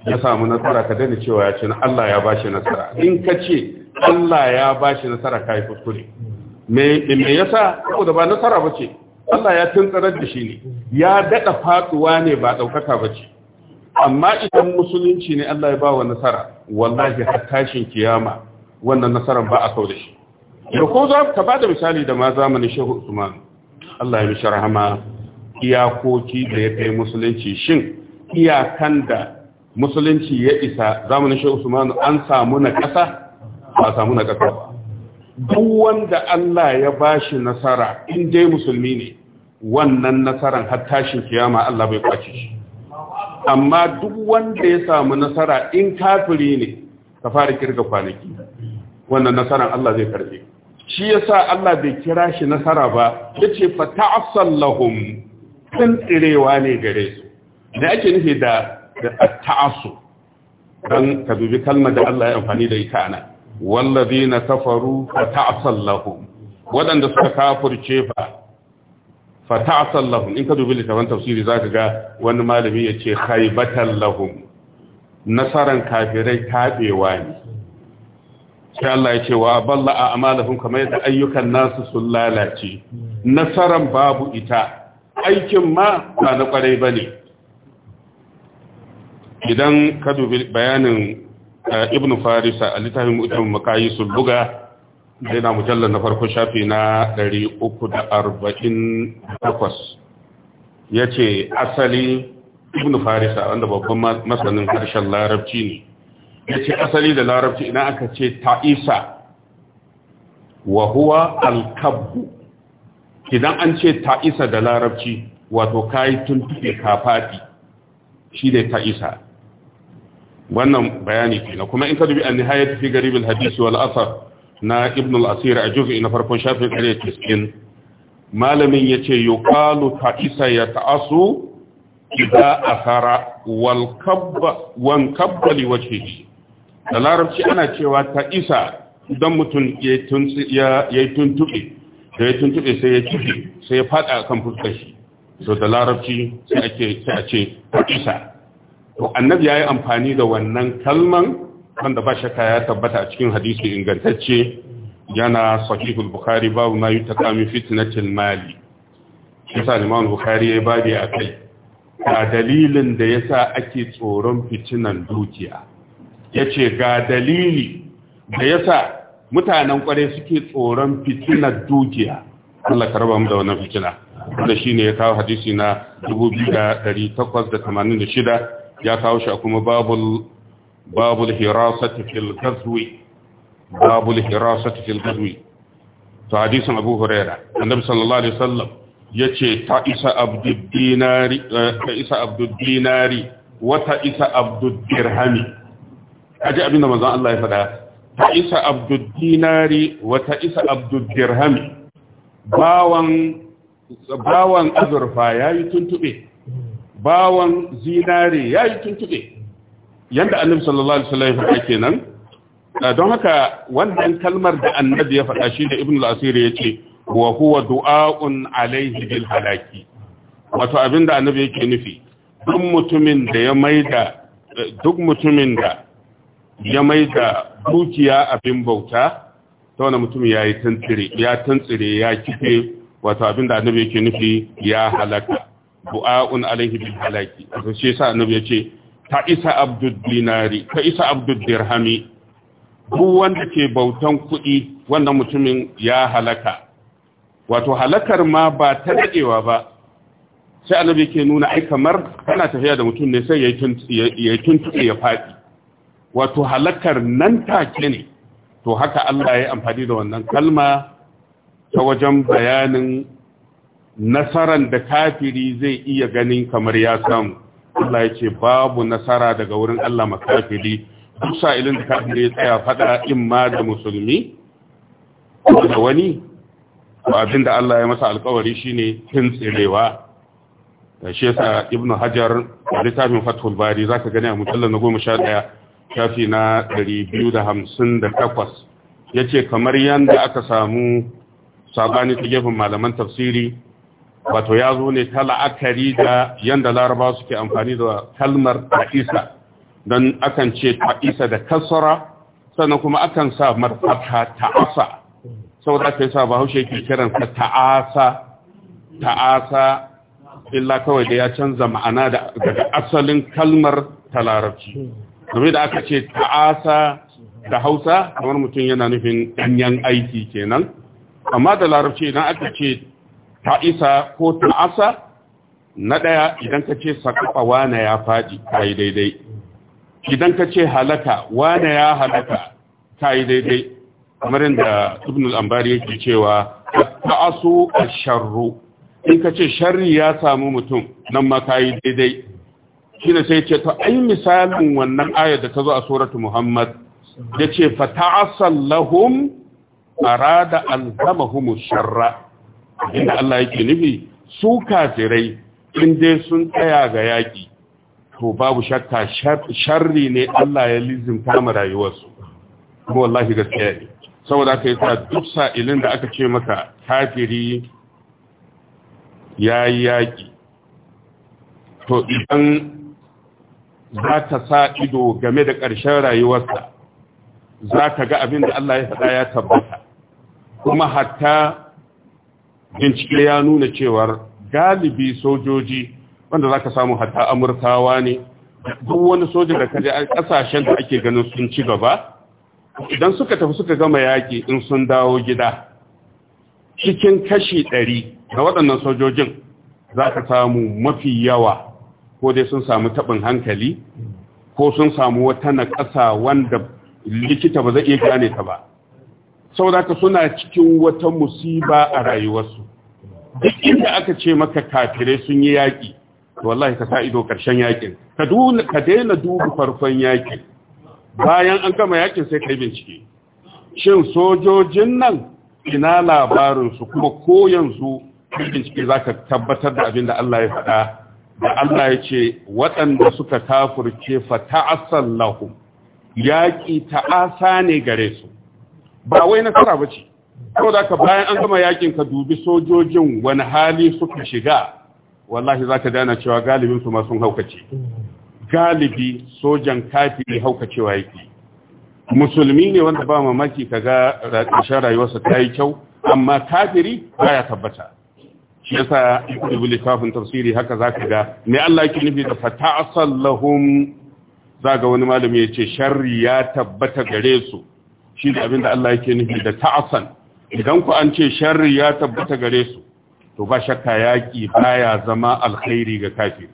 ya samu nasara ka dani cewa ya ce Allah ya bashi nasara in ka ce Allah ya bashi nasara kai kuskure me me yasa saboda ba nasara bace Allah ya tantsarar da shi ne ya dada fatsuwa ne ba daukaka bace amma idan musulunci ne Allah ya bawa nasara wallahi har tashin kiyama wannan nasaran ba a kau da shi da ko za ka bada misali da ma zamanin Shehu Usman Allah ya mishi rahama iyakoki da ya kai musulunci shin iyakan da musulunci ya isa zamanin shi usman an samu na kasa ba samu na kasa ba duk wanda Allah ya bashi nasara in dai musulmi ne wannan nasaran har tashin kiyama Allah bai kwace shi amma duk wanda ya samu nasara in kafiri ne ka fara kirga kwanaki wannan nasaran Allah zai karbe shi yasa Allah bai kira shi nasara ba yace fa ta'assal tun tsirewa ne gare su da ake nufi da da ta'assu dan ka dubi kalmar da Allah ya amfani da ita ana wallazina kafaru fa ta'asal lahum wadanda suka kafirce fa fa ta'asal lahum in ka dubi littafin tafsiri zaka ga wani malami yace khaybatan lahum nasaran kafirai tabewa ne sai Allah ya ce wa balla a amalahum kamar yadda ayyukan nasu sun lalace nasaran babu ita aikin ma ba na kwarai bane idan ka dubi bayanin eh, ibn farisa a littafin mutum makayi sun buga yana mujallar na farko shafi na 348 ya ce asali ibn farisa wanda babban masanin harshen larabci ne ya ce asali da larabci ina aka ce ta'isa wa huwa alkabu idan an ce ta'isa da larabci wato kayi tuntube ka faɗi shi ne ta'isa wannan bayani kenan kuma in ka dubi an nihayat fi garib al hadith wal athar na ibn al asir a juz'i na farkon shafin 90 malamin yace yuqalu ta'isa ya ta'asu idza athara wal kabba wan kabba li wajhihi da larabci ana cewa ta'isa dan mutum ya yi tuntube da ya tuntube sai ya kife sai ya fada kan fuskar shi so da larabci sai ake sai a ce ta'isa to annabi yayi amfani da wannan kalman wanda ba shakka ya tabbata a cikin hadisi ingantacce yana al bukhari babu ma yutaka min fitnatil mali ne imam bukhari yayi babi kai. ga dalilin da yasa ake tsoron fitinan dukiya yace ga dalili da yasa mutanen kware suke tsoron fitinan dukiya Allah ka raba mu da wannan fitina wanda shine ya kawo hadisi na 2886 ya kawo shi kuma babul babul hirasati fil ghazwi babul hirasati fil ghazwi to hadisin Abu Huraira annabi sallallahu alaihi wasallam yace ta isa abdud dinari eh, ta isa abdud dinari wa ta isa abdud dirhami kaji abinda manzon Allah ya faɗa ta isa abdud dinari wa ta isa abdud dirhami bawan bawan azurfa yayi tuntube bawan zinare ya yi tuntube yadda annabi sallallahu alaihi wasallam ya faɗa kenan ah, don haka wannan kalmar da annabi ya faɗa shi da ibn al asiri ya ce wa huwa du'a'un alaihi bil halaki wato abinda annabi yake nufi duk mutumin da ya maida duk mutumin da ya maida dukiya abin bauta ta wani mutum ya yi tantsire ya tantsire ya kife wato abinda annabi yake nufi ya halaka Bu'a'un alaihi bil halaki to shi yasa annabi yace ta isa abdud dinari ta isa abdud dirhami duk wanda ke bautan kuɗi wannan mutumin ya halaka wato halakar ma ba ta dadewa ba sai annabi ke nuna ai kamar kana tafiya da mutum ne sai ya tuntuɓe ya faɗi wato halakar nan take ne to haka Allah ya amfani da wannan kalma ta wajen bayanin nasaran da kafiri zai iya ganin kamar ya samu Allah ya ce babu nasara daga wurin Allah makafiri duk sa'ilin da kafiri ya tsaya fada ma da musulmi ko da wani ba abinda Allah ya masa alkawari shine tsirewa da shi yasa Ibn Hajar a littafin Fathul Bari zaka gani a mujallal na 11 shafi na 258 yace kamar yanda aka samu sabani ta gefen malaman tafsiri wato ya zo ne ta la'akari da yanda laraba suke amfani da kalmar ta'isa don akan ce ta'isa da kasara sannan kuma akan sa marfata ta'asa saboda ta yasa bahaushe ke kiransa ta'asa ta'asa illa kawai da ya canza ma'ana daga asalin kalmar ta larabci domin da aka ce ta'asa da hausa kamar mutum yana nufin ɗanyen aiki kenan amma da larabci idan aka ce ta'isa ko ta'asa na ɗaya idan ka ce sakafa wane ya faɗi ta yi daidai idan ka ce halaka wane ya halaka ta yi daidai kamar yadda ibn al'ambari yake cewa aso a sharru in ka ce sharri ya samu mutum nan ma ta yi daidai shi ne sai ce ta ai misalin wannan ayar da ta zo a suratu muhammad da ce fata'asan lahum arada alzamahumu sharra inda Allah yake nufi su kafirai in dai sun tsaya ga yaƙi to babu shakka sharri ne Allah ya lizinta mu rayuwarsu kuma wallahi gaskiya ne saboda aka yi sa, duk sa'ilin da aka ce maka kafiri ya yi yaƙi to idan za ta sa ido game da ƙarshen rayuwarsa za ka ga abin da Allah ya faɗa ya tabbata kuma hatta bincike ya nuna cewar galibi sojoji wanda za ka samu hata amurkawa ne duk wani soja da kaji a kasashen da ake ganin sun ci gaba idan suka tafi suka gama yaƙi in sun dawo gida cikin kashi ɗari na waɗannan sojojin za ka samu mafi yawa ko dai sun samu taɓin hankali ko sun samu wata na ƙasa wanda likita ba zai iya gane ta ba saboda ka suna cikin wata musiba a rayuwarsu duk inda aka ce maka kafirai sun yi yaƙi to wallahi ka sa ido ƙarshen yaƙin ka daina dubu farkon yaƙin bayan an gama yaƙin sai kai bincike shin sojojin nan ina labarinsu kuma ko yanzu bincike za ka tabbatar da abin da Allah ya faɗa da Allah ya ce waɗanda suka kafurce fa ta'asan lahum yaƙi ta'asa ne gare su ba wai nasara ba ce ko da ka bayan an gama yakin ka dubi sojojin wani hali suka shiga wallahi za ka dana cewa galibin su masu haukace galibi sojan kafiri haukacewa yake musulmi ne wanda ba mamaki ka ga ƙarshen rayuwarsa ta yi kyau amma kafiri ya tabbata shi yasa ibnu littafin tafsiri haka za ka ga me Allah ki nufi da Za ga wani ya ce sharri ya tabbata gare su shi da abinda Allah yake nufi da ta'asan idan ku an ce sharri ya tabbata gare su to ba shakka yaki baya zama alkhairi ga kafiri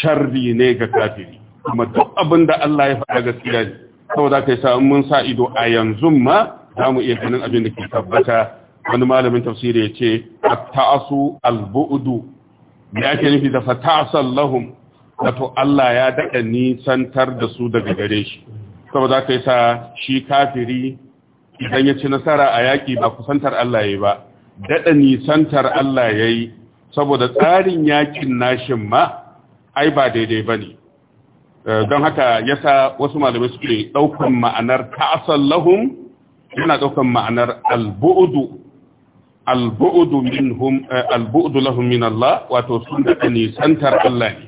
sharri ne ga kafiri kuma duk da Allah ya faɗa gaskiya ne saboda kai sa mun sa ido a yanzu ma za mu iya ganin abin da ke tabbata wani malamin tafsiri ya ce ta'asu albu'udu. ya ake nufi da fata'asan lahum wato Allah ya daɗa nisantar da su daga gare shi saboda aka yi sa shi kafiri idan ya ci nasara a yaƙi ba kusantar Allah ya ba daɗa nisantar Allah ya yi saboda tsarin yakin nashin ma ai ba daidai ba ne eh, don haka ya sa wasu malamai suke ɗaukan ma'anar ta'asan lahum yana ɗaukan ma'anar albu'udu albu'udu minhum eh, albu'udu lahum min Allah wato sun daɗa nisantar Allah ne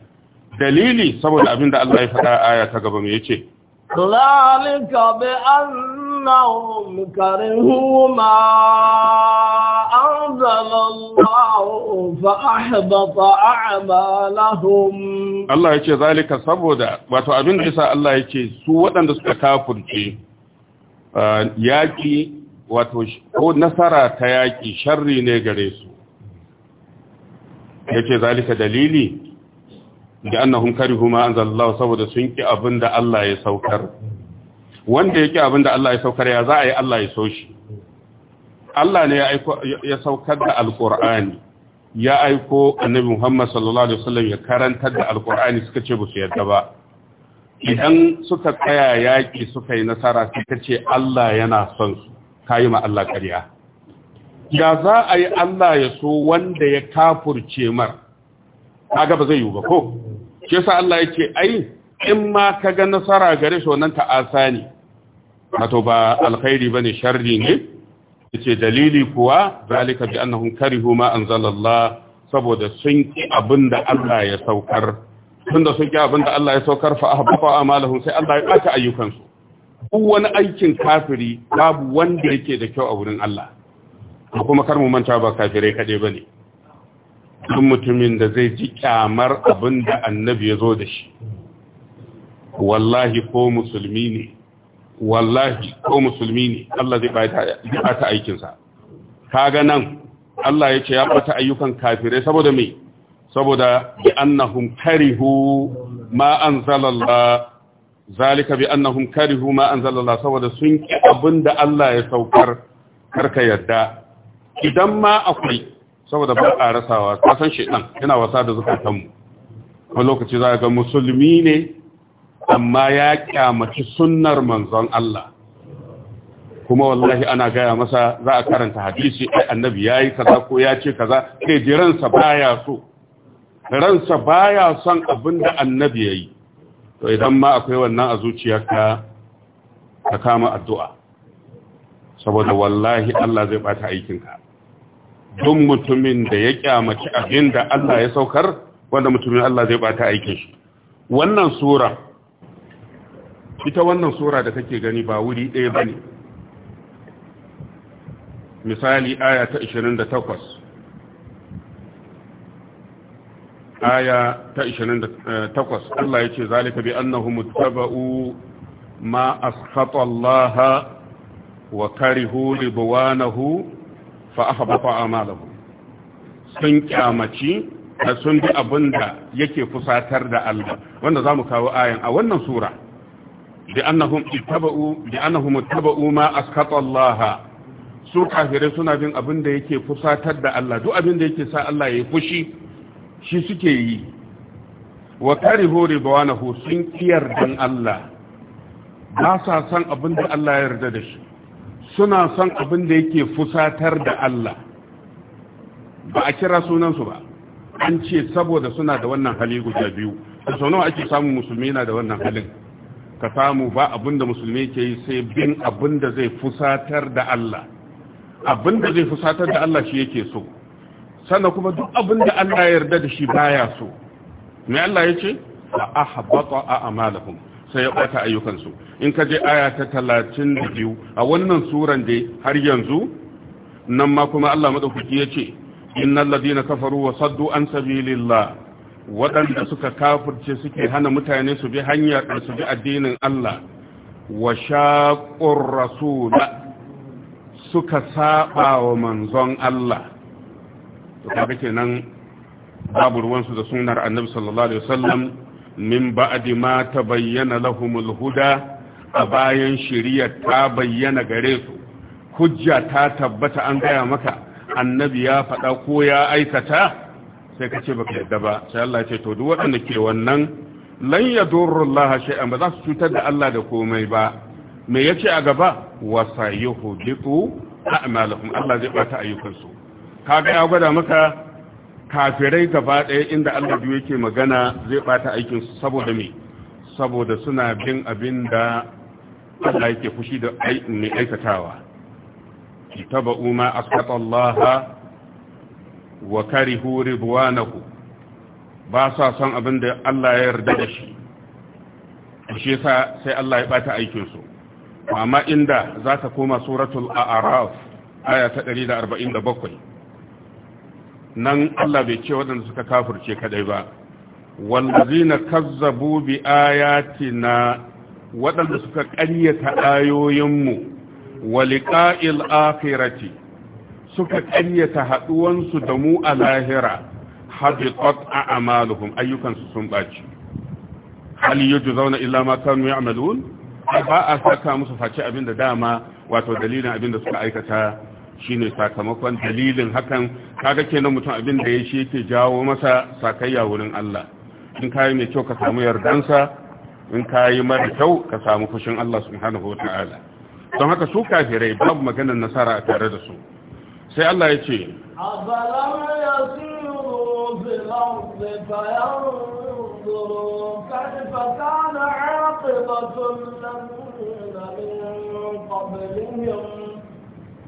dalili saboda abin da Allah ya faɗa aya ta gaba mai yace ذلك بأنهم كرهوا ما أنزل الله فأحبط أعمالهم الله يكي ذلك سبودا واتو أبن عيسى الله يكي سوة أن تستكافر yaƙi wato ko nasara ta yaƙi sharri ne gare su yake zalika dalili da annahum karihu ma anzalallahu saboda sun ki abinda Allah ya saukar wanda yake abinda Allah ya saukar ya za a yi Allah ya so shi Allah ne ya saukar da alqur'ani ya aiko annabi Muhammad sallallahu alaihi wasallam ya karantar da alqur'ani suka ce ba su yarda ba idan suka tsaya yaki suka yi nasara suka ce Allah yana son su kayi ma Allah ƙarya ya za a yi Allah ya so wanda ya kafurce mar kaga ba zai yi ba ko Ke sa Allah ce ai in ma ka ga nasara gare shi wannan ta'asa ne wato ba alkhairi ba ne sharri ne ce dalili kuwa zalika bi kari huma an zalallah saboda sun ki abinda Allah ya saukar da sun ki abinda Allah ya saukar fa a amalahum sai Allah ya bata ayyukansu duk wani aikin kafiri babu wanda yake da kyau a wurin Allah kuma kar mu manta ba kafirai ba ne. duk mutumin da zai ji kyamar abin da annabi ya zo da shi wallahi ko musulmi ne wallahi ko musulmi ne Allah zai bata aikinsa kaga nan Allah ya ce ya bata ayyukan kafirai saboda me saboda bi annahum karihu ma anzalallah zalika bi annahum karihu ma anzalallah saboda sun ki abinda Allah ya saukar karka yadda, idan ma akwai saboda ba a rasawa kasan shedan yana wasa da zukatanmu A lokaci za ga musulmi ne amma ya kyamaci sunnar manzon Allah kuma wallahi ana gaya masa za a karanta hadisi ai annabi yayi kaza ko ya ce kaza sai ji ransa baya so ransa baya son abinda annabi yayi to idan ma akwai wannan a zuciyarka ka kama addu'a saboda wallahi Allah zai bata ka. don mutumin da ya kyamaci abin da Allah ya saukar wanda mutumin Allah zai bata aikin shi wannan sura ita wannan sura da kake gani ba wuri ɗaya ba ne. misali aya ta 28 aya ta 28 eh, Allah ya ce zalika bi annahum ittaba'u ma askhata Allah wa karihu ridwanahu fa a amalahum sun kyamaci sun bi abinda yake fusatar da Allah wanda mu kawo ayan a wannan sura bi annahum ittaba'u ma a Allah su kafirai suna bin abinda yake fusatar da Allah duk abinda yake sa Allah ya fushi shi suke yi wa karihu ribwanahu sun kiyar dan Allah ba sa san da Allah ya yarda da shi suna son abin da yake fusatar da Allah ba a kira sunansu ba an ce saboda suna da wannan hali guda biyu da sau nawa ake samun musulmi na da wannan halin ka samu ba abin da musulmi ke yi sai bin abin da zai fusatar da Allah abin da zai fusatar da Allah shi yake so sannan kuma duk abin da Allah ya yarda da shi baya so me Allah ya ce a'a ahbata a amalakum sai ya ɓata ayyukansu in ka je aya ta talatin da biyu a wannan suran dai har yanzu nan ma kuma Allah maɗaukaki ya ce innal na kafaru wa saddu an sabilillah waɗanda suka kafirce suke hana mutane su bi hanyar su bi addinin Allah wa shaqur rasula suka saba wa manzon Allah to kaga kenan babu ruwansu da sunnar annabi sallallahu alaihi wasallam min ba'di ma tabayyana lahumul huda a bayan shiriyar ta bayyana gare su hujja ta tabbata an gaya maka annabi ya faɗa ko ya aikata sai ka ce baka yadda ba sai Allah ce to duk waɗanda ke wannan lan yadurru Allah shay'an ba za su cutar da Allah da komai ba me yace a gaba wa sayuhbitu a'malukum Allah zai bata ayyukansu kaga ya gwada maka kafirai gaba ɗaya inda Allah biyu yake magana zai ɓata aikin saboda me saboda suna bin abin da Allah yake fushi da mai aikatawa tabau ma asqata Allah wa karihu ribwanahu ba sa son abin da Allah ya yarda da shi shi yasa sai Allah ya ɓata aikinsu. Mama amma inda za ta koma suratul a'raf aya ta 147 nan Allah bai ce waɗanda suka kafurce kaɗai ba wallazina kazzabu bi ayatina waɗanda suka ƙaryata ayoyinmu wa liqa'il suka ƙaryata haɗuwansu da mu a lahira a a'maluhum ayyukansu sun baci hal zauna illa ma kanu ya'malun ba a saka musu face da dama wato dalilin abin da suka aikata shine sakamakon dalilin hakan kaga kenan mutum abin da ya shi yake jawo masa sakayya wurin Allah in kayi mai kyau ka samu yardansa in kayi mara kyau ka samu fushin Allah subhanahu wataala don haka su kafirai babu maganar nasara a tare da su sai Allah ya ce abalam yasiru fil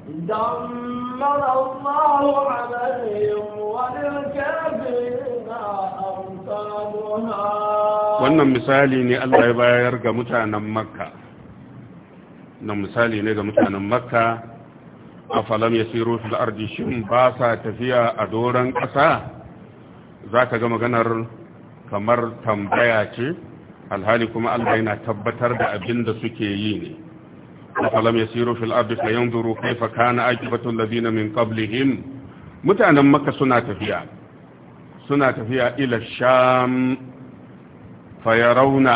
دمر الله عليهم وللكافرين wannan misali ne Allah ya bayar ga mutanen Makka nan misali ne ga mutanen Makka a ya siro fil ardi shin ba sa tafiya a doron ƙasa Za ka ga maganar kamar tambaya ce alhali kuma Allah yana tabbatar da abin da suke yi ne afalam yasiru fil ardi fayanzuru kaifa kana aqibatu alladhina min qablihim mutanen makka suna tafiya suna tafiya ila sham fayarawna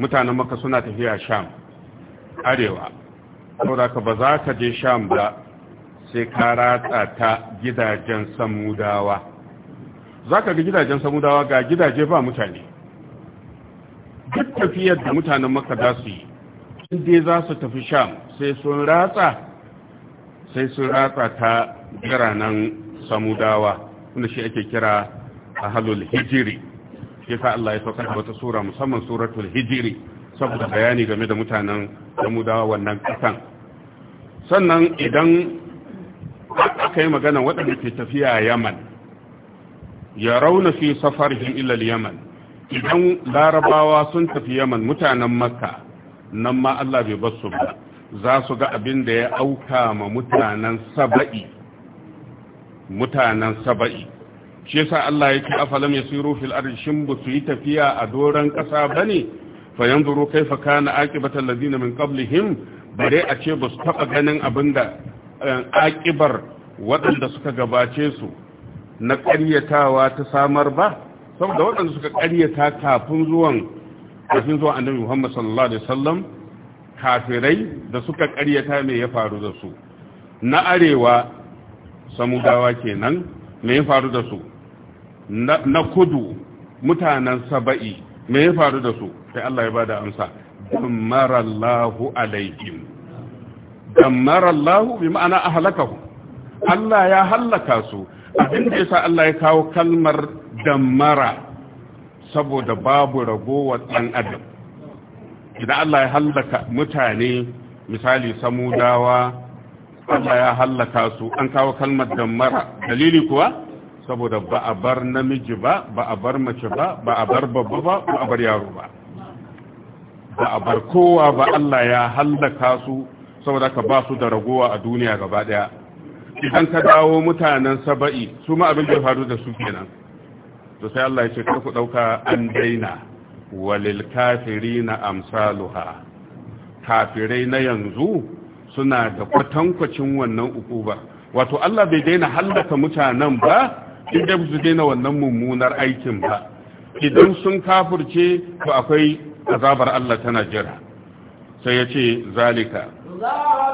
mutanen makka suna tafiya sham arewa saboda ka za ka je sham ba sai ka ta gidajen samudawa za ga samudawa ga gidaje ba mutane duk tafiyar da mutanen maka za su yi inda za su tafi sham sai sun ratsa sai sun ratsa ta biranen samudawa wanda shi ake kira halul hijiri sa Allah ya da wata sura musamman suratul hijiri saboda bayani game da mutanen samudawa wannan kasan sannan idan aka yi magana waɗanda ke tafiya a yaman ya rauna fi safarhin ilal yaman idan larabawa sun tafi yaman mutanen maka nan ma Allah bai basu ba za su ga abin da ya auka ma mutanen saba'i mutanen saba'i shi yasa Allah yake afalam yasiru fil ardi shin bu su yi tafiya a doran kasa bane fa yanzuru kaifa kana aqibatu alladhina min qablihim bare a ce ba su taba ganin abinda eh, aqibar waɗanda suka gabace su na ƙaryatawa ta samar ba saboda waɗanda suka ƙaryata kafin zuwan kafin zuwan annabi Muhammad sallallahu alaihi wasallam kafirai da suka ƙaryata me ya faru da su na arewa samudawa kenan me ya faru da su na kudu mutanen saba'i me ya faru da su sai Allah ya bada amsa damarallahu alaihim damarallahu bi ma'ana ahlakahu Allah ya halaka su abin da yasa Allah ya kawo kalmar dammara saboda babu ragowar ɗan adam idan Allah ya hallaka mutane misali samudawa Allah ya hallaka su an kawo kalmar dammara dalili kuwa saboda ba a bar namiji ba ba a bar mace ba ba a bar babba ba ba a bar yaro ba ba a bar kowa ba Allah ya hallaka su saboda ka ba su da ragowa a duniya gaba daya idan ka dawo mutanen saba'i su ma abin da faru da su kenan to sai Allah ya ce kar ku dauka an daina walil kafirina amsaluha kafirai na yanzu suna da kwatankwacin wannan ukuba wato Allah bai daina hallaka mutanen ba idan su daina wannan mummunar aikin ba idan sun kafurce to akwai azabar Allah tana jira sai ya ce zalika Allah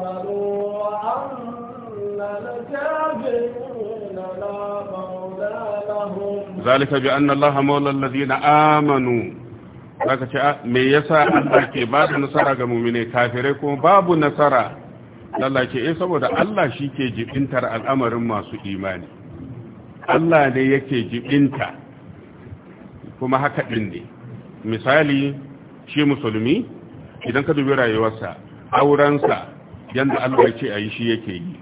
آمنوا وأن الكافرين لا مولى لهم ذلك بأن الله مولى الذين آمنوا zaka ce me yasa Allah ke ba da nasara ga muminai kafirai kuma babu nasara Allah ke saboda Allah shi ke jibintar al'amarin masu imani Allah ne yake jibinta kuma haka ɗin ne misali shi musulmi idan ka dubi rayuwarsa aurensa yanda Allah ya ce a yi shi yake yi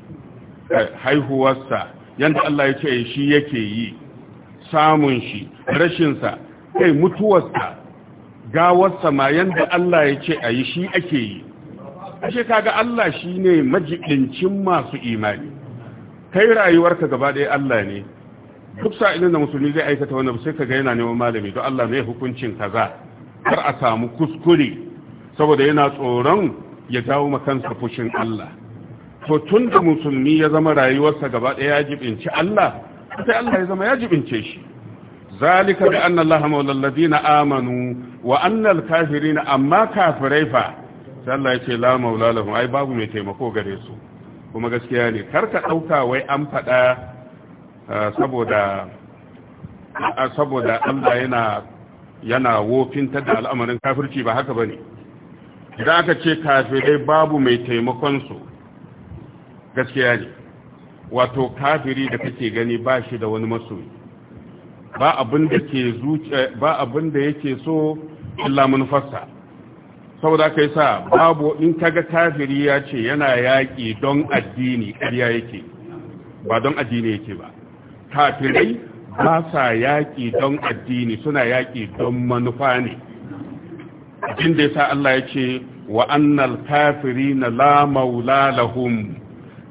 eh, haihuwarsa yanda Allah ya ce a yi shi yake yi samun shi rashinsa kai mutuwarsa gawarsa ma yanda Allah ya ce a yi shi ake yi ashe kaga Allah shi ne majiɗincin masu imani kai rayuwarka gaba ɗaya Allah ne duk sa'ilin da musulmi zai aikata wani sai kaga yana neman malami don Allah ne hukuncin kaza har a samu kuskure saboda yana tsoron ya jawo kansa fushin Allah to tun da musulmi ya zama rayuwarsa gaba ɗaya ya jibinci Allah sai Allah ya zama ya jibince shi zalika bi anna Allah mawla alladhina amanu wa anna al-kafirina amma kafirai fa sai Allah ya la ai babu mai taimako gare su kuma gaskiya ne karka dauka wai an fada ah, saboda ah, saboda Allah yana yana wofinta da al'amarin kafirci ba haka bane da aka ce kafirai babu mai taimakon su gaskiya ne wato kafiri da kake gani ba shi da wani masoyi ba abin da ke ba abin da yake so illa manufarsa saboda aka sa babu in kaga kafiri ya ce yana yaƙi don addini ƙarya yake ba don addini yake ba kafirai ba sa yaƙi don addini suna yaƙi don manufa ne abin da yasa Allah ya ce wa annal kafirina la maula lahum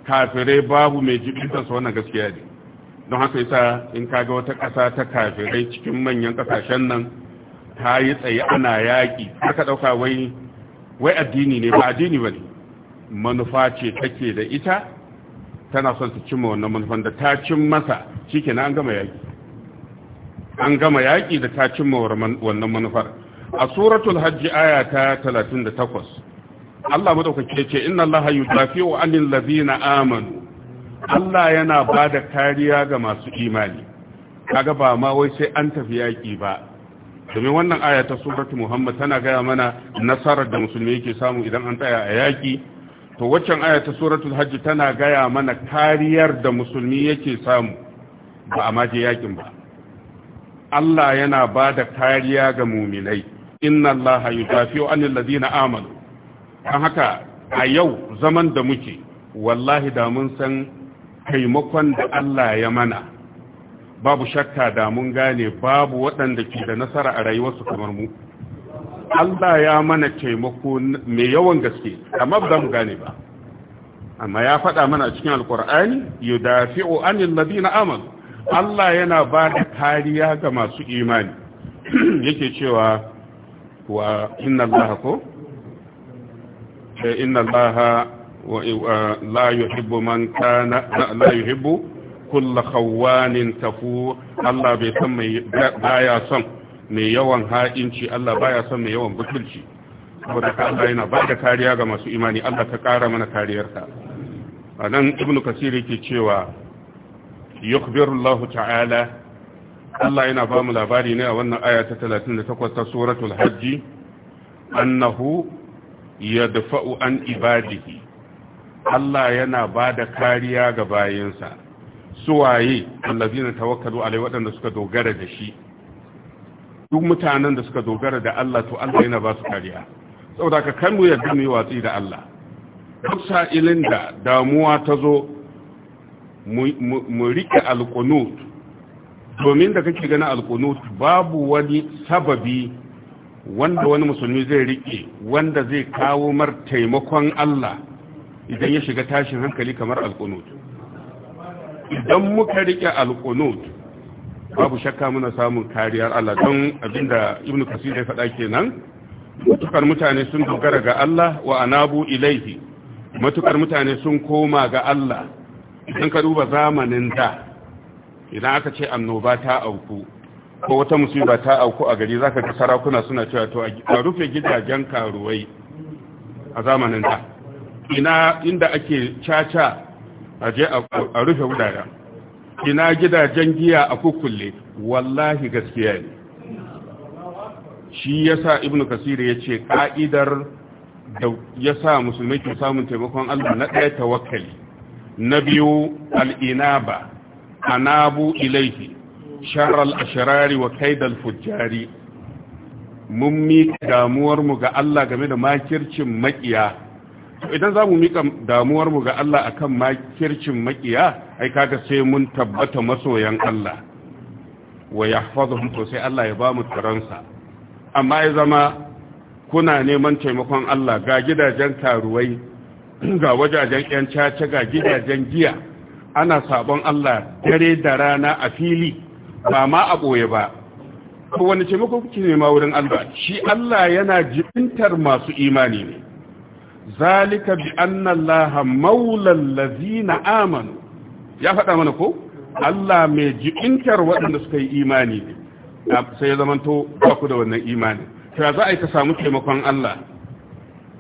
kafirai babu mai jibinta su wannan gaskiya ne don haka yasa in kaga wata ƙasa ta kafirai cikin manyan ƙasashen nan ta yi tsaye ana yaƙi ka ɗauka wai wai addini ne ba addini ba manufa ce take da ita tana son su cimma wannan manufan da ta cin masa shi an gama yaƙi an gama yaƙi da ta cimma wannan manufar a suratul hajji aya ta 38 Allah madaukake ce inna allaha yudafi'u 'anil ladina amanu Allah yana bada kariya ga masu imani kaga ba ma wai sai an tafi yaki ba domin wannan aya ta surati Muhammad tana gaya mana nasarar da musulmi yake samu idan an tsaya a yaki to waccan aya ta suratul hajj tana gaya mana kariyar da musulmi yake samu ba a maje yakin ba Allah yana ba da kariya ga muminai inna allaha yudafi'u anil ladina amanu dan haka a yau zaman da muke wallahi da mun san taimakon da Allah ya mana babu shakka da mun gane babu waɗanda ke da nasara a rayuwarsu kamar mu Allah ya mana taimako mai yawan gaske amma ba mu gane ba amma ya faɗa mana a cikin alkur'ani yudafi'u anil ladina amanu Allah yana ba da kariya ga masu imani yake cewa wa inna allaha ko eh, inna allaha eh, la yuhibbu man kana la yuhibbu kullu khawanin tafu Allah bai san mai baya son mai yawan ha'inci Allah baya son mai yawan butulci saboda ka Allah yana ba da kariya ga masu imani Allah ka kara mana kariyarka anan ibnu kasir yake cewa yukhbiru Allah ta'ala Allah yana ba mu labari ne a wannan aya ta 38 ta suratul hajji annahu yadfa'u an ibadihi Allah yana ba da kariya ga bayinsa suwaye allazina tawakkalu alai waɗanda suka dogara da shi duk mutanen da suka dogara da Allah to Allah yana ba su kariya saboda ka kan ya yadda mu yi watsi da Allah duk sa'ilin da damuwa ta zo mu rike alqunut domin da kake gani alkunut babu wani sababi wanda wani musulmi zai rike wanda zai kawo mar taimakon Allah idan ya shiga tashin hankali kamar alkunut idan muka rike alkunut babu shakka muna samun kariyar Allah don abinda ibnu kasir ya faɗa kenan matukar mutane sun dogara ga Allah wa anabu ilaihi matukar mutane sun koma ga Allah idan ka duba zamanin da idan aka ce annoba ta auku ko wata musiba ta auku a gari zaka ga sarakuna suna cewa to a rufe gidajen karuwai a zamanin da ina inda ake caca a je a rufe wuraren ina gidajen giya a kukulle wallahi gaskiya ne shi yasa ibnu kasiri yace ka'idar da yasa musulmai ke samun taimakon Allah na ɗaya tawakkali na biyu al'inaba anabu ilaihi sharar ashirari wa kaidar fujari mun miƙa damuwarmu ga Allah game da makircin makiya idan za mu damuwar damuwarmu ga Allah akan makircin makiya ai kaga sai mun tabbata masoyan Allah wa yahfazuhum to sai Allah ya ba mu tsaronsa amma ya zama kuna neman taimakon Allah ga gidajen taruwai ga wajajen 'yan caca ga gidajen giya ana sabon Allah dare da rana a fili ba ma a ɓoye ba ko wani ce muku kuke nema wurin Allah shi Allah yana jibintar masu imani ne zalika bi anna Allah maulal ladina amanu ya faɗa mana ko Allah mai jibintar waɗanda suka yi imani ne sai ya zamanto ba ku da wannan imani to za a yi ka samu taimakon Allah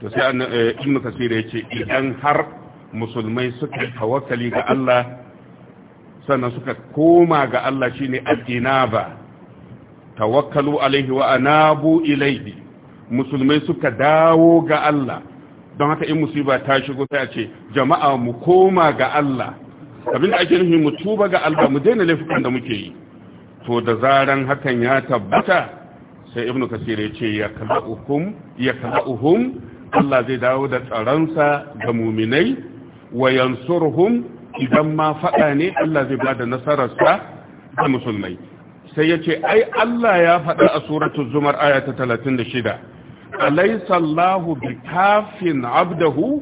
to sai eh, ibn kasir ya ce idan har musulmai suka tawakali ga Allah sannan suka koma ga Allah shine al-inaba tawakkalu alaihi wa anabu ilaihi musulmai suka dawo ga Allah don haka in musiba ta shigo sai a ce jama'a mu koma ga Allah abinda ake nufi mu tuba ga Allah mu daina laifukan da muke yi to da zaran hakan ya tabbata sai ibnu kasir ya ce ya Allah zai dawo da tsaronsa ga muminai wa yansurhum idan ma faɗa ne Allah zai bada nasararsa ga musulmai sai yace ai Allah ya faɗa a suratul zumar aya ta 36 alaysa Allahu bikafin abdahu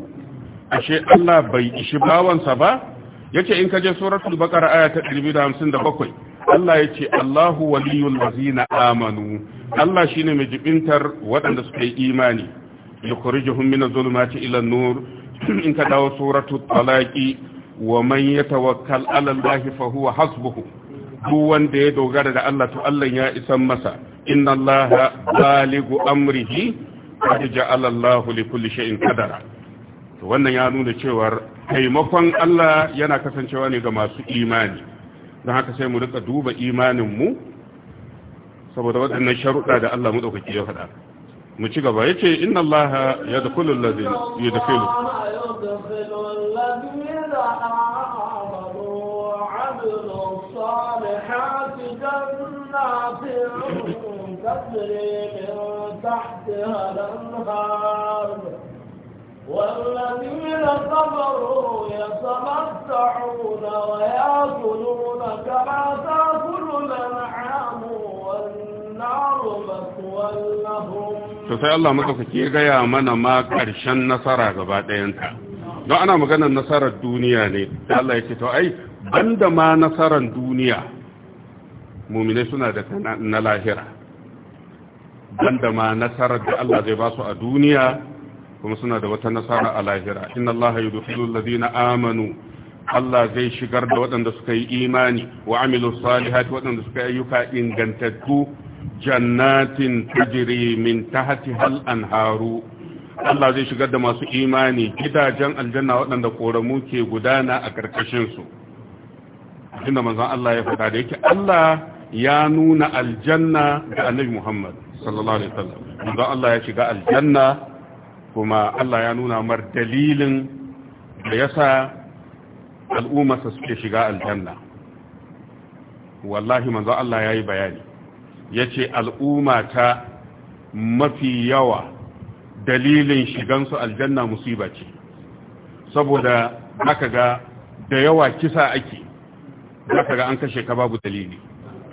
ashe Allah bai ishi bawansa ba yace in kaje suratul baqara aya ta 257 Allah yace Allahu waliyul lazina amanu Allah shine mai jibintar waɗanda suka yi imani yukhrijuhum mina zulumati ilan nur in ka dawo suratu talaki wa man yatawakkal ala Allah fa huwa hasbuhu duk wanda ya dogara da Allah to Allah ya isan masa inna Allah baligu amrihi qad ja'ala Allah li kulli shay'in qadara to wannan ya nuna cewa taimakon Allah yana kasancewa ne ga masu imani don haka sai mu rika duba imanin mu saboda waɗannan sharuɗa da Allah mu dauke ya faɗa mu ci gaba yace inna allaha yadkhulu alladhina yadkhulu تجري من تحتها الأنهار والذين كفروا يتمتعون ويأكلون كما تأكل الأنعام والنار مثوى لهم to sai Allah madaukaki ya gaya mana ma ƙarshen nasara gaba ɗayanta don ana maganar nasarar duniya ne da Allah ya ce to ai banda ma nasarar duniya muminai suna da na lahira banda ma nasarar da Allah zai ba su a duniya kuma suna da wata nasara a lahira inna Allah yudkhilul ladina amanu Allah zai shigar da waɗanda suka yi imani wa amilu salihati waɗanda suka yi ayyuka ingantattu jannatin tajri min hal al-anharu Allah zai shigar da masu imani gidajen aljanna waɗanda koramu ke gudana a ƙarƙashin su inda manzon Allah ya faɗa da yake Allah ya nuna aljanna ga Annabi Muhammad sallallahu alaihi wasallam manzon Allah ya shiga aljanna kuma Allah ya nuna mar dalilin da yasa al'umma suke shiga aljanna wallahi manzon Allah yayi bayani ya ce al'ummata mafi yawa dalilin shigansu aljanna musiba ce saboda aka ga da yawa kisa ake aka ga an kashe ka babu dalili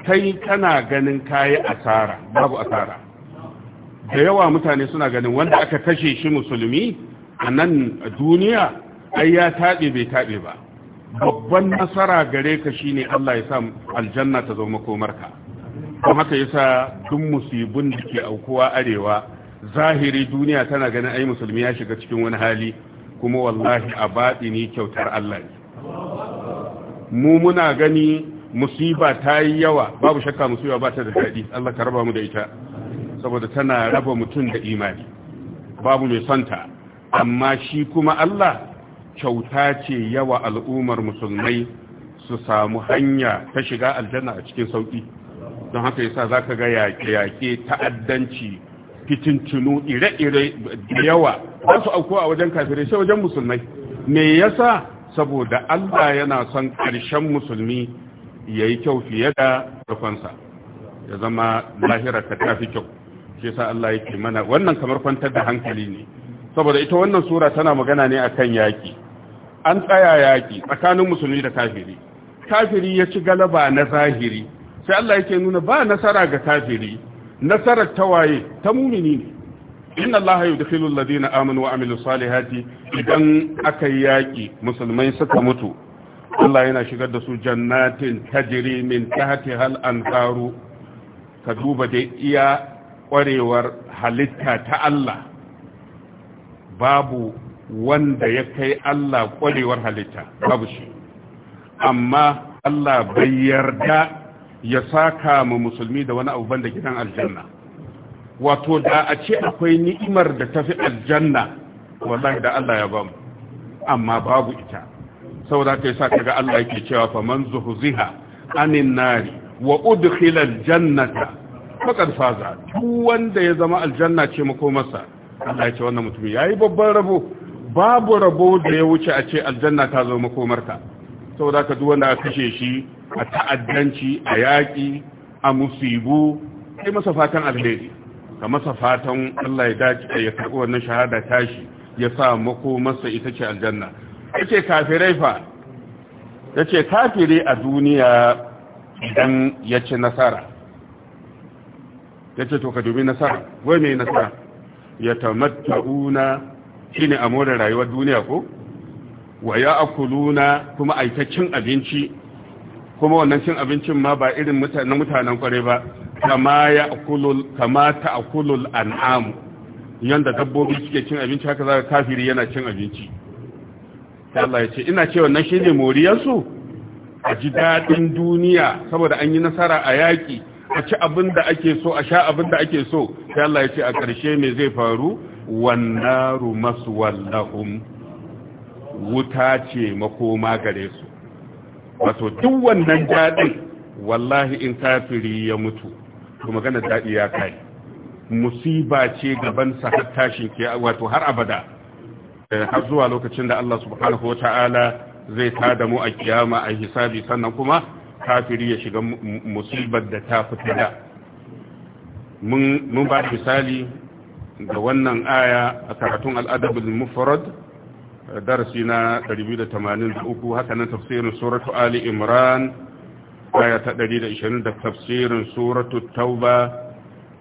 kai kana ganin kayi asara babu asara da yawa mutane suna ganin wanda aka kashe shi musulmi a nan duniya ai ya taɓe bai taɓe ba babban nasara gare ka shine Allah ya sa aljanna ta zama komarka don haka yasa duk musibin da ke aukuwa arewa zahiri duniya tana ganin ai musulmi ya shiga cikin wani hali kuma wallahi a baɗi ne kyautar Allah ne mu muna gani musiba ta yi yawa babu shakka musiba ba ta da daɗi Allah ka raba mu da ita saboda tana raba mutum da imani babu mai santa amma shi kuma Allah kyauta ce yawa al'ummar musulmai su samu hanya ta shiga aljanna a cikin sauƙi don haka yasa za ka ga yaƙe-yaƙe ta'addanci fitintunu ire-ire da yawa za su auku a wajen kafirai sai wajen musulmai me yasa saboda Allah yana son karshen musulmi ya yi kyau fiye da farkonsa ya zama lahira ka tafi kyau shi yasa Allah ke mana wannan kamar kwantar da hankali ne saboda ita wannan sura tana magana ne akan yaƙi an tsaya yaƙi tsakanin musulmi da kafiri kafiri ya ci galaba na zahiri sai Allah yake nuna ba nasara ga kafiri nasarar tawaye ta mumini ne inna Allah yudkhilu alladhina amanu wa amilus salihati idan aka yaki musulmai suka mutu Allah yana shigar da su jannatin tajri min tahtiha hal anharu ka duba da iya kwarewar halitta ta Allah babu wanda ya kai Allah kwarewar halitta babu shi amma Allah bai yarda ya saka ma musulmi da wani abu banda gidan aljanna wato da a ce akwai ni'imar da tafi aljanna wallahi da Allah ya bamu amma babu ita saboda kai sa kaga Allah yake cewa fa man zuhziha anin nar wa udkhila aljannata faqad faza duk wanda ya zama aljanna ce masa Allah ya ce wannan mutum yayi babban rabo babu rabo da ya wuce a ce aljanna ta zo makomarta saboda ka duk wanda aka kashe shi a ta'addanci a yaƙi a musibu Sai masa fatan alheri ka masa fatan Allah ya dace ya karɓi wannan shahada tashi ya sa mako masa ita ce aljanna yace kafirai fa yace kafiri a duniya idan ya ci nasara yace to ka dubi nasara wai me nasara ya tamatta'una shine a more rayuwar duniya ko wa na kuma aitaccin abinci kuma wannan cin abincin ma ba irin mutanen mutanen kware ba kama ya akulul kama ta akulul an'am yanda dabbobi suke cin abinci haka zaka kafiri yana cin abinci Allah ya ce ina cewa wannan shine moriyar su a ji dadin duniya saboda an yi nasara a yaki a ci abin da ake so a sha abin da ake so sai Allah ya ce a ƙarshe me zai faru wannaru maswallahum wuta ce makoma gare su wato duk wannan daɗin wallahi in kafiri ya mutu to magana daɗi ya kai musiba ce gaban sa har tashin ke wato har abada eh, har zuwa lokacin da Allah subhanahu wa ta'ala zai tada mu a kiyama a hisabi sannan kuma kafiri ya shiga musibar da ta fitada mun ba misali da wannan aya a karatun al'adabul mufrad darasi na 283 haka nan tafsirin suratu ali imran aya ta 120 da tafsirin suratu tauba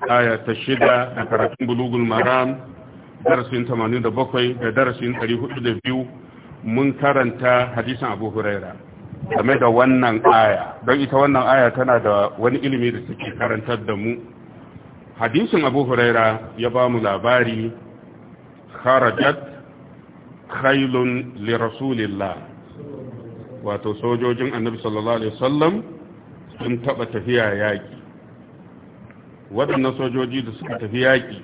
aya ta 6 da karatun bulugul maram darasin 87 da darasin 402 mun karanta hadisin abu huraira game da wannan aya don ita wannan aya tana da wani ilimi da take karantar da mu hadisin abu huraira ya ba mu labari kharajat khailun li rasulillah wato sojojin annabi sallallahu alaihi wasallam sun taba tafiya yaki waɗannan sojoji da suka tafi yaki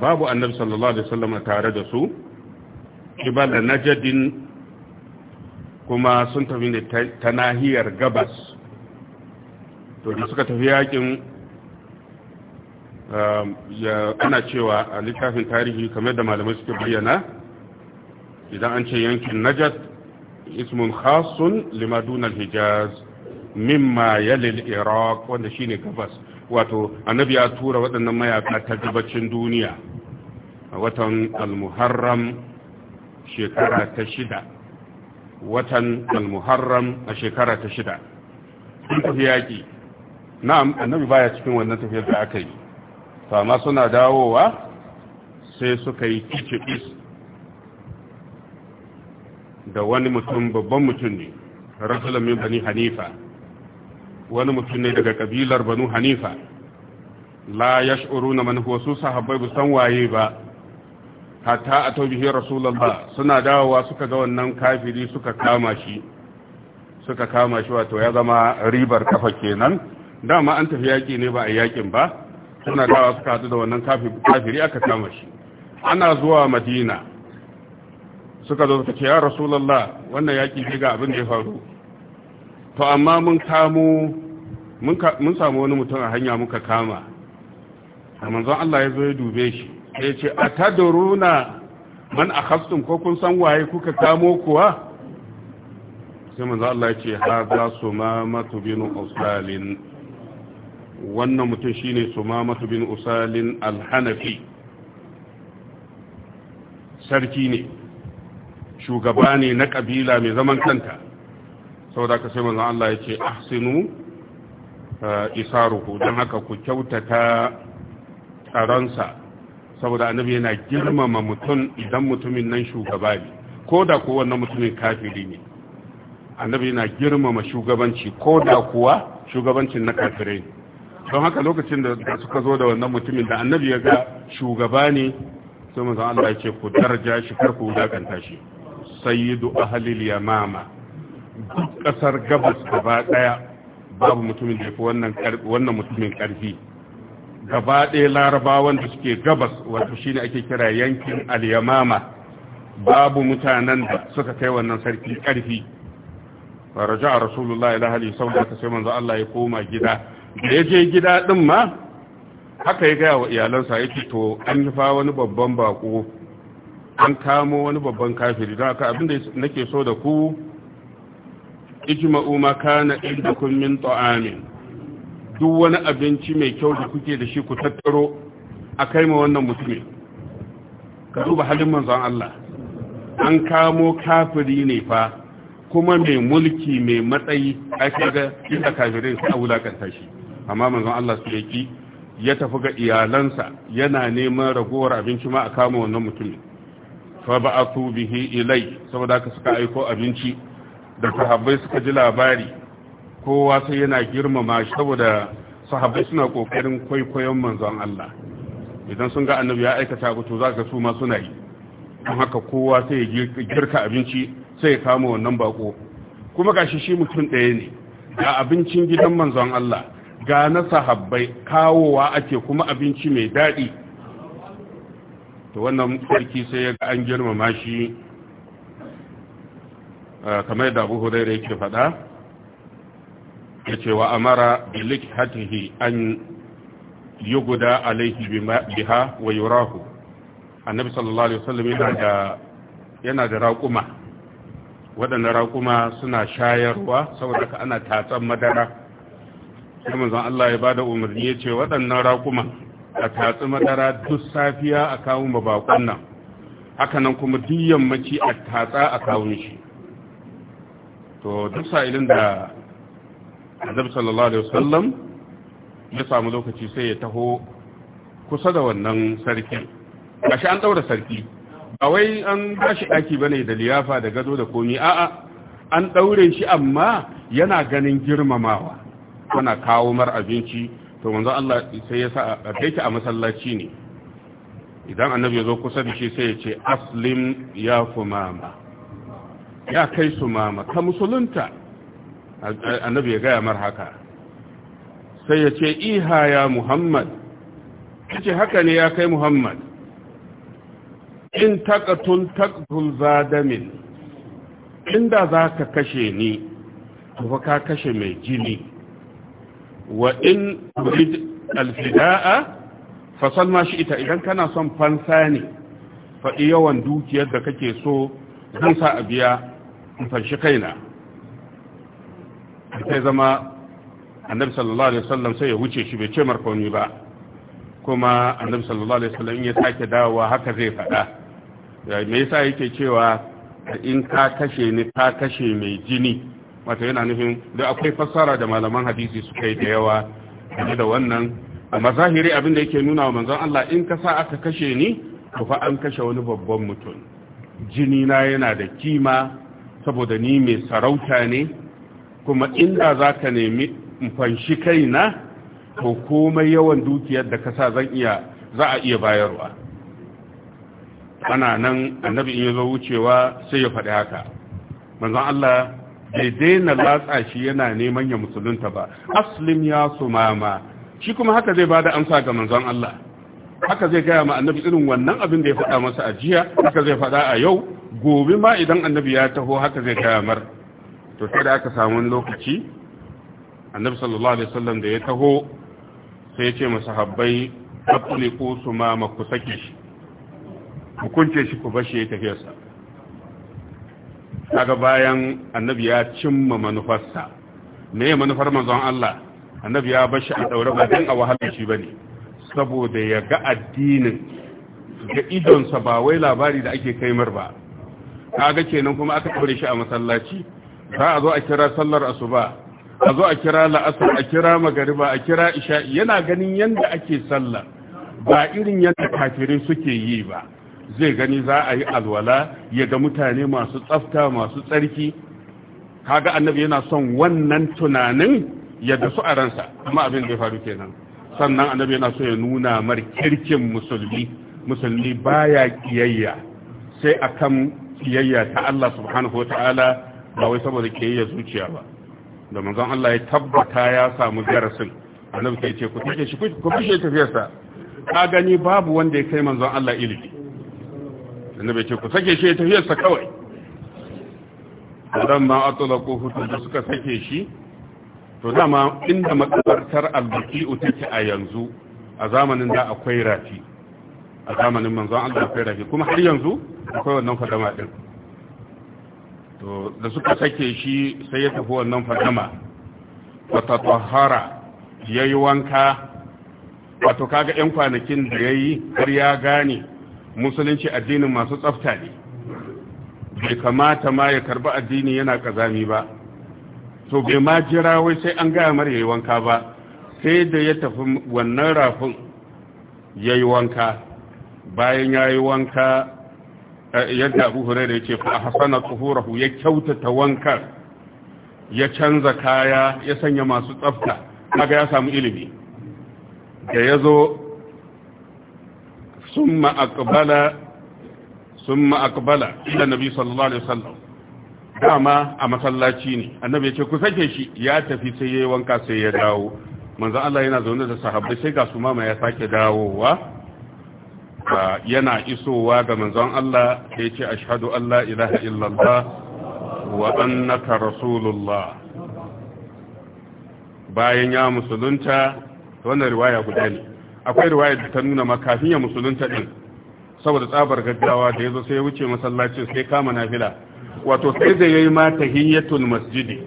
babu annabi sallallahu alaihi wasallam tare da su kibala najadin kuma sun tafi ne ta nahiyar gabas to da suka tafi yakin Um, ana cewa a littafin tarihi kamar da malamai suke bayyana idan an ce yankin najat ismun khasun limadunan hijaz mimma yalil iraq wanda shine gabas wato annabi ya tura waɗannan mayaka ta gabacin duniya a watan al-muharram shekara ta shida watan al-muharram a shekara ta shida sun tafi yaƙi na'am annabi baya cikin wannan tafiyar da aka yi to amma suna dawowa sai suka yi kicibis da wani mutum babban mutum ne rasulamin bani hanifa wani mutum ne daga kabilar banu hanifa la ya shuru na su sahabbai bu san waye ba hatta a taubihin rasulallah suna dawowa suka ga wannan kafiri suka kama shi suka kama shi wato ya zama ribar kafa kenan dama an tafi yaki ne ba a yakin ba suna dawa suka hadu da wannan kafiri aka kama shi ana zuwa madina suka zo suka ce ya rasulallah wannan yaƙi ce ga abin da ya faru to amma mun kamo mun samu wani mutum a hanya muka kama a manzon Allah ya zo ya dube shi ya ce a taduruna man a hafsun ko kun san waye kuka kamo kuwa sai manzon Allah ya ce ha za su ma matubinu australin wannan mutum shine sumamatu bin usalin alhanafi sarki ne shugaba ne na kabila mai zaman kanta saboda ka sai manzon Allah ya ce ahsinu uh, isaruhu dan haka ku kyautata tsaronsa saboda annabi yana girmama mutum idan mutumin nan shugaba ne ko kuwa wannan mutumin kafiri ne annabi yana girmama shugabanci koda kuwa shugabancin na kafirai don haka lokacin da suka zo da wannan mutumin da annabi ya ga shugaba ne sai mun san Allah ya ce ku daraja shi kar ku dakanta shi sayyidu ahlil yamama duk kasar gabas gaba daya babu mutumin da yafi wannan wannan mutumin karfi gaba daya larabawan da suke gabas wato shine ake kira yankin al-yamama babu mutanen da suka kai wannan sarki karfi faraja rasulullahi alaihi wasallam sai manzon Allah ya koma gida da ya gida ɗin ma haka ya gaya wa iyalansa ya to an yi wani babban bako an kamo wani babban kafiri don haka abinda nake so da ku ijma'u ma kana indakum min ta'amin duk wani abinci mai kyau da kuke da shi ku tattaro a kai ma wannan mutumin ka duba halin manzon Allah an kamo kafiri ne fa kuma mai mulki mai matsayi ake ga inda kafirin su a wulakanta shi amma manzon Allah su yaki ya tafi ga iyalansa yana neman ragowar abinci ma a kama wannan mutumin fa ba'athu bihi ilai saboda haka suka aiko abinci da sahabbai suka ji labari kowa sai yana girmama saboda sahabbai suna kokarin kwaikwayon manzon Allah idan sun ga annabi ya aikata abu to zaka su ma suna yi don haka kowa sai ya girka abinci sai ya kama wannan bako kuma gashi shi mutum ɗaya ne ga abincin gidan manzon Allah ga na sahabbai kawowa ake kuma abinci mai daɗi to wannan sarki sai ya ga an girmama shi kamar da abu hurairu yake faɗa ya ce wa amara bilik hatihi an yi guda alaihi biha wa yurahu annabi sallallahu alaihi wasallam yana da raƙuma waɗanda raƙuma suna shayarwa saboda ka ana tatsan madara sai manzon Allah ya bada umarni ya ce waɗannan raƙuma a tatsi madara duk safiya a kawo ma bakon nan haka nan kuma duk yammaci a tatsa a kawo shi to duk sa'ilin da annabi sallallahu alaihi wasallam ya samu lokaci sai ya taho kusa da wannan sarki shi an daura sarki ba wai an bashi daki bane da liyafa da gado da komi a'a an ɗaure shi amma yana ganin girmamawa ana kawo mar abinci to manzo Allah sai ya sa a kaita a masallaci ne idan annabi ya zo kusa da shi sai ya ce aslim ya kumama ya kai su mama ka musulunta annabi ya gaya mar haka sai ya ce iha ya muhammad kace haka ne ya kai muhammad in taqatul taqtul zadamin inda za ka kashe ni to fa ka kashe mai jini wa in turid alfida'a Fasal ma shi ita idan kana son fansa ne faɗi yawan dukiyar da kake so zan sa a biya in fanshi kaina kai zama annabi sallallahu alaihi wasallam sai ya wuce shi bai ce markoni ba kuma annabi sallallahu alaihi wasallam ya sake dawowa haka zai faɗa me yasa yake cewa in ka kashe ni ka kashe mai jini Wata yana nufin da akwai fassara da malaman hadisi suka yi da yawa game da wannan amma zahiri abin da yake nuna wa manzon Allah in ka sa aka kashe ni to fa an kashe wani babban mutum jini na yana da kima saboda ni mai sarauta ne kuma inda zaka nemi in fanshi kaina to komai yawan dukiyar da ka sa zan iya za a iya bayarwa ana nan annabi in ya zo wucewa sai ya faɗi haka manzon Allah bai daina latsa shi yana neman ya musulunta ba aslim ya sumama shi kuma haka zai bada amsa ga manzon Allah haka zai gaya ma annabi irin wannan abin da ya faɗa masa a jiya haka zai faɗa a yau gobe ma idan annabi ya taho haka zai gaya mar to sai da aka samu lokaci annabi sallallahu alaihi wasallam da ya taho sai ya ce masahabbai ko sumama ku sake shi hukunce shi ku bashi ya tafiyarsa kaga bayan annabi ya cimma manufarsa me ya manufar manzon Allah annabi ya bashi a daure ba dan a wahalar shi bane saboda ya ga addinin ga idonsa ba wai labari da ake kaimar ba kaga kenan kuma aka kore shi a masallaci za a zo a kira sallar asuba a zo a kira la'asar a kira magariba a kira isha yana ganin yanda ake sallah ba irin yanda kafirin suke yi ba zai gani za a yi alwala ya ga mutane masu tsafta masu tsarki kaga annabi yana son wannan tunanin ya su a ransa kuma abin da ya faru kenan sannan annabi yana so ya nuna mar kirkin musulmi musulmi baya kiyayya sai kan kiyayya ta Allah subhanahu wa ta'ala ba wai saboda kiyayya zuciya ba da manzon Allah ya tabbata ya samu darasin annabi ya ce ku tafi shi ku tafi tafiyarsa ka gani babu wanda ya kai manzon Allah ilimi annabi ce ku sake shi tafiyarsa kawai dan ma atlaku hutu da suka sake shi to dama inda makabartar albaqi'u take a yanzu a zamanin da akwai rafi a zamanin manzon Allah akwai rafi kuma har yanzu akwai wannan fadama din to da suka sake shi sai ya tafi wannan fadama wa tatahara yayi wanka wato kaga yan kwanakin da yayi har ya gane musulunci addinin masu tsafta ne bai kamata ma ya karba addini yana kazami ba to bai ma jira wai sai an gaya mara yayi wanka ba sai da ya tafi wannan rafin ya wanka bayan ya wanka eh, yadda abu hurairu ya ce fa hasana tsuhurahu ya kyautata wankar ya canza kaya ya sanya masu tsafta kaga ya samu ilimi da ya zo ثم أقبل ثم أقبل إلى النبي صلى الله عليه وسلم dama a masallaci ne annabi ya ce ku sake shi ya tafi sai yayi wanka sai ya dawo manzo Allah yana zaune da sahabbai sai ga su mama ya sake dawowa yana isowa ga manzon Allah sai ce ashhadu an la ilaha illallah wa annaka rasulullah bayan ya musulunta wannan riwaya guda ne akwai riwayar da ta nuna ma kafin ya musulunta din saboda tsabar gaggawa da yazo sai ya wuce masallacin sai kama fila wato sai da yayi ma tahiyatul masjidi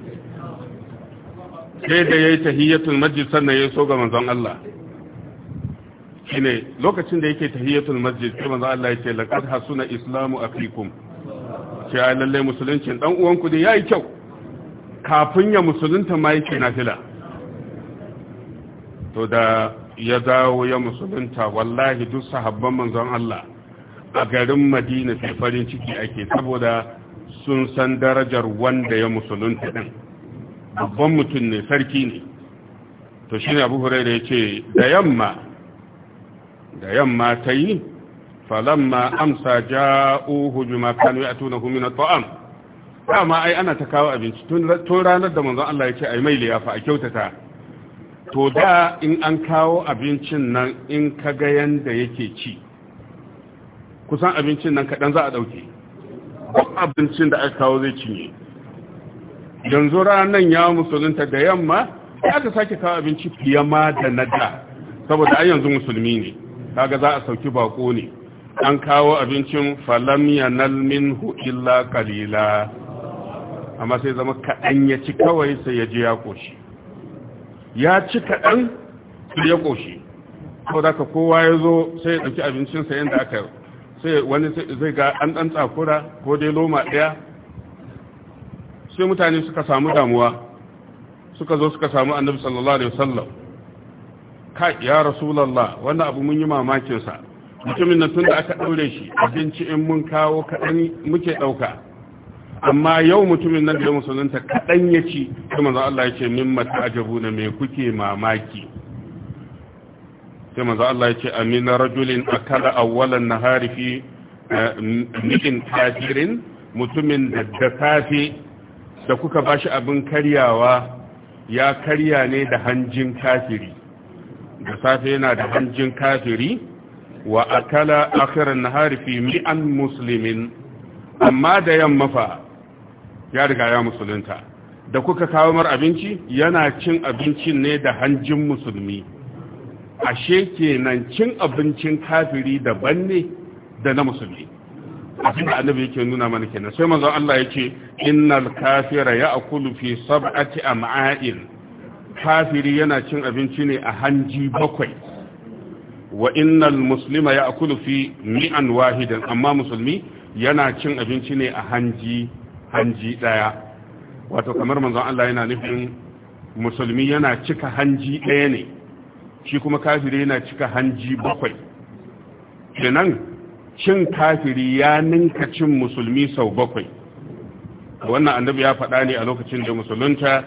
sai da yayi tahiyatul masjid sannan ya so ga manzon Allah shine lokacin da yake tahiyatul masjid sai manzon Allah ya ce laqad hasuna islamu afikum ce a lalle musuluncin dan uwanku da yayi kyau kafin ya musulunta ma yake nafila to da ya dawo ya musulunta wallahi duk sahabban manzon Allah a garin Madina sai farin ciki ake saboda sun san darajar wanda ya musulunta din babban mutum ne sarki ne to shine Abu Hurairah yace da yamma da yamma tayi falamma amsa ja'uhu bima kanu ya'tunahu min at'am taam dama ai ana ta kawo abinci tun ranar da manzon Allah yake ai mai liyafa a kyautata to da in an kawo abincin nan in ka ga yanda yake ci kusan abincin nan kaɗan za a ɗauke abincin da aka kawo zai cinye yanzu ranar ya musulunta da yamma ya aka sake kawo abinci fiye ma da na saboda an yanzu musulmi ne kaga za a sauki bako ne an kawo abincin falam yanal minhu illa amma sai zama kaɗan ya ci kawai sai ya ji ya koshi ya ci kaɗan ya ƙoshi ko da kowa ya zo sai ya ɗauki abincinsa yadda aka sai wani zai ga an ɗan tsakura ko dai loma ɗaya sai mutane suka samu damuwa suka zo suka samu annabi sallallahu alaihi wasallam ka ya rasulullah wannan abu mun yi mamakinsa, mutumin mutumin nan da aka ɗaure shi abinci in mun kawo kaɗan muke ɗauka amma yau mutumin nan da musulunta kaɗan ya ci sai manzo Allah ya ce min mata ajabu na me kuke mamaki sai manzo Allah ya ce amina rajulin akala awwalan nahari fi eh, mikin kafirin mutumin da da safe da kuka bashi abin karyawa ya karya ne da hanjin kafiri da safe yana da hanjin kafiri wa akala akhiran nahari fi mi'an muslimin amma da yamma fa ya riga ya musulunta da kuka kawo mar abinci yana cin abinci ne da hanjin musulmi ashe kenan cin abincin kafiri daban ne da na musulmi abinda annabi yake nuna mana kenan sai manzon Allah yake innal kafira ya'kulu fi sab'ati am'a'in kafiri yana cin abinci ne a hanji bakwai wa innal muslima ya'kulu fi mi'an wahidan amma musulmi yana cin abinci ne a hanji hanji ɗaya wato kamar manzon Allah yana nufin musulmi yana cika hanji ɗaya ne shi kuma kafiri yana cika hanji bakwai kenan cin kafiri ya ninka cin musulmi sau bakwai wannan annabi ya faɗa ne a lokacin da musulunta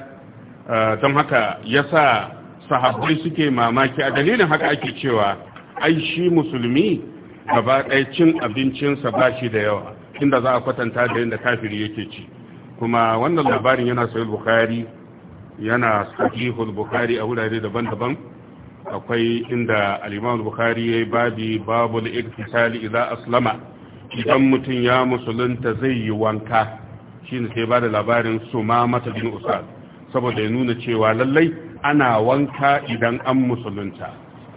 don haka ya sa sahabbai suke mamaki a dalilin haka ake cewa ai shi musulmi gaba ɗaya cin abincinsa ba shi da yawa inda za a kwatanta da yadda kafiri yake ci kuma wannan labarin yana sahih bukhari yana sahihul bukhari a wurare daban-daban akwai inda al-imam bukhari yayi babi babul iktisali idza aslama idan mutum ya musulunta zai yi wanka shine sai ba da labarin su ma mata bin usad saboda ya nuna cewa lallai ana wanka idan an musulunta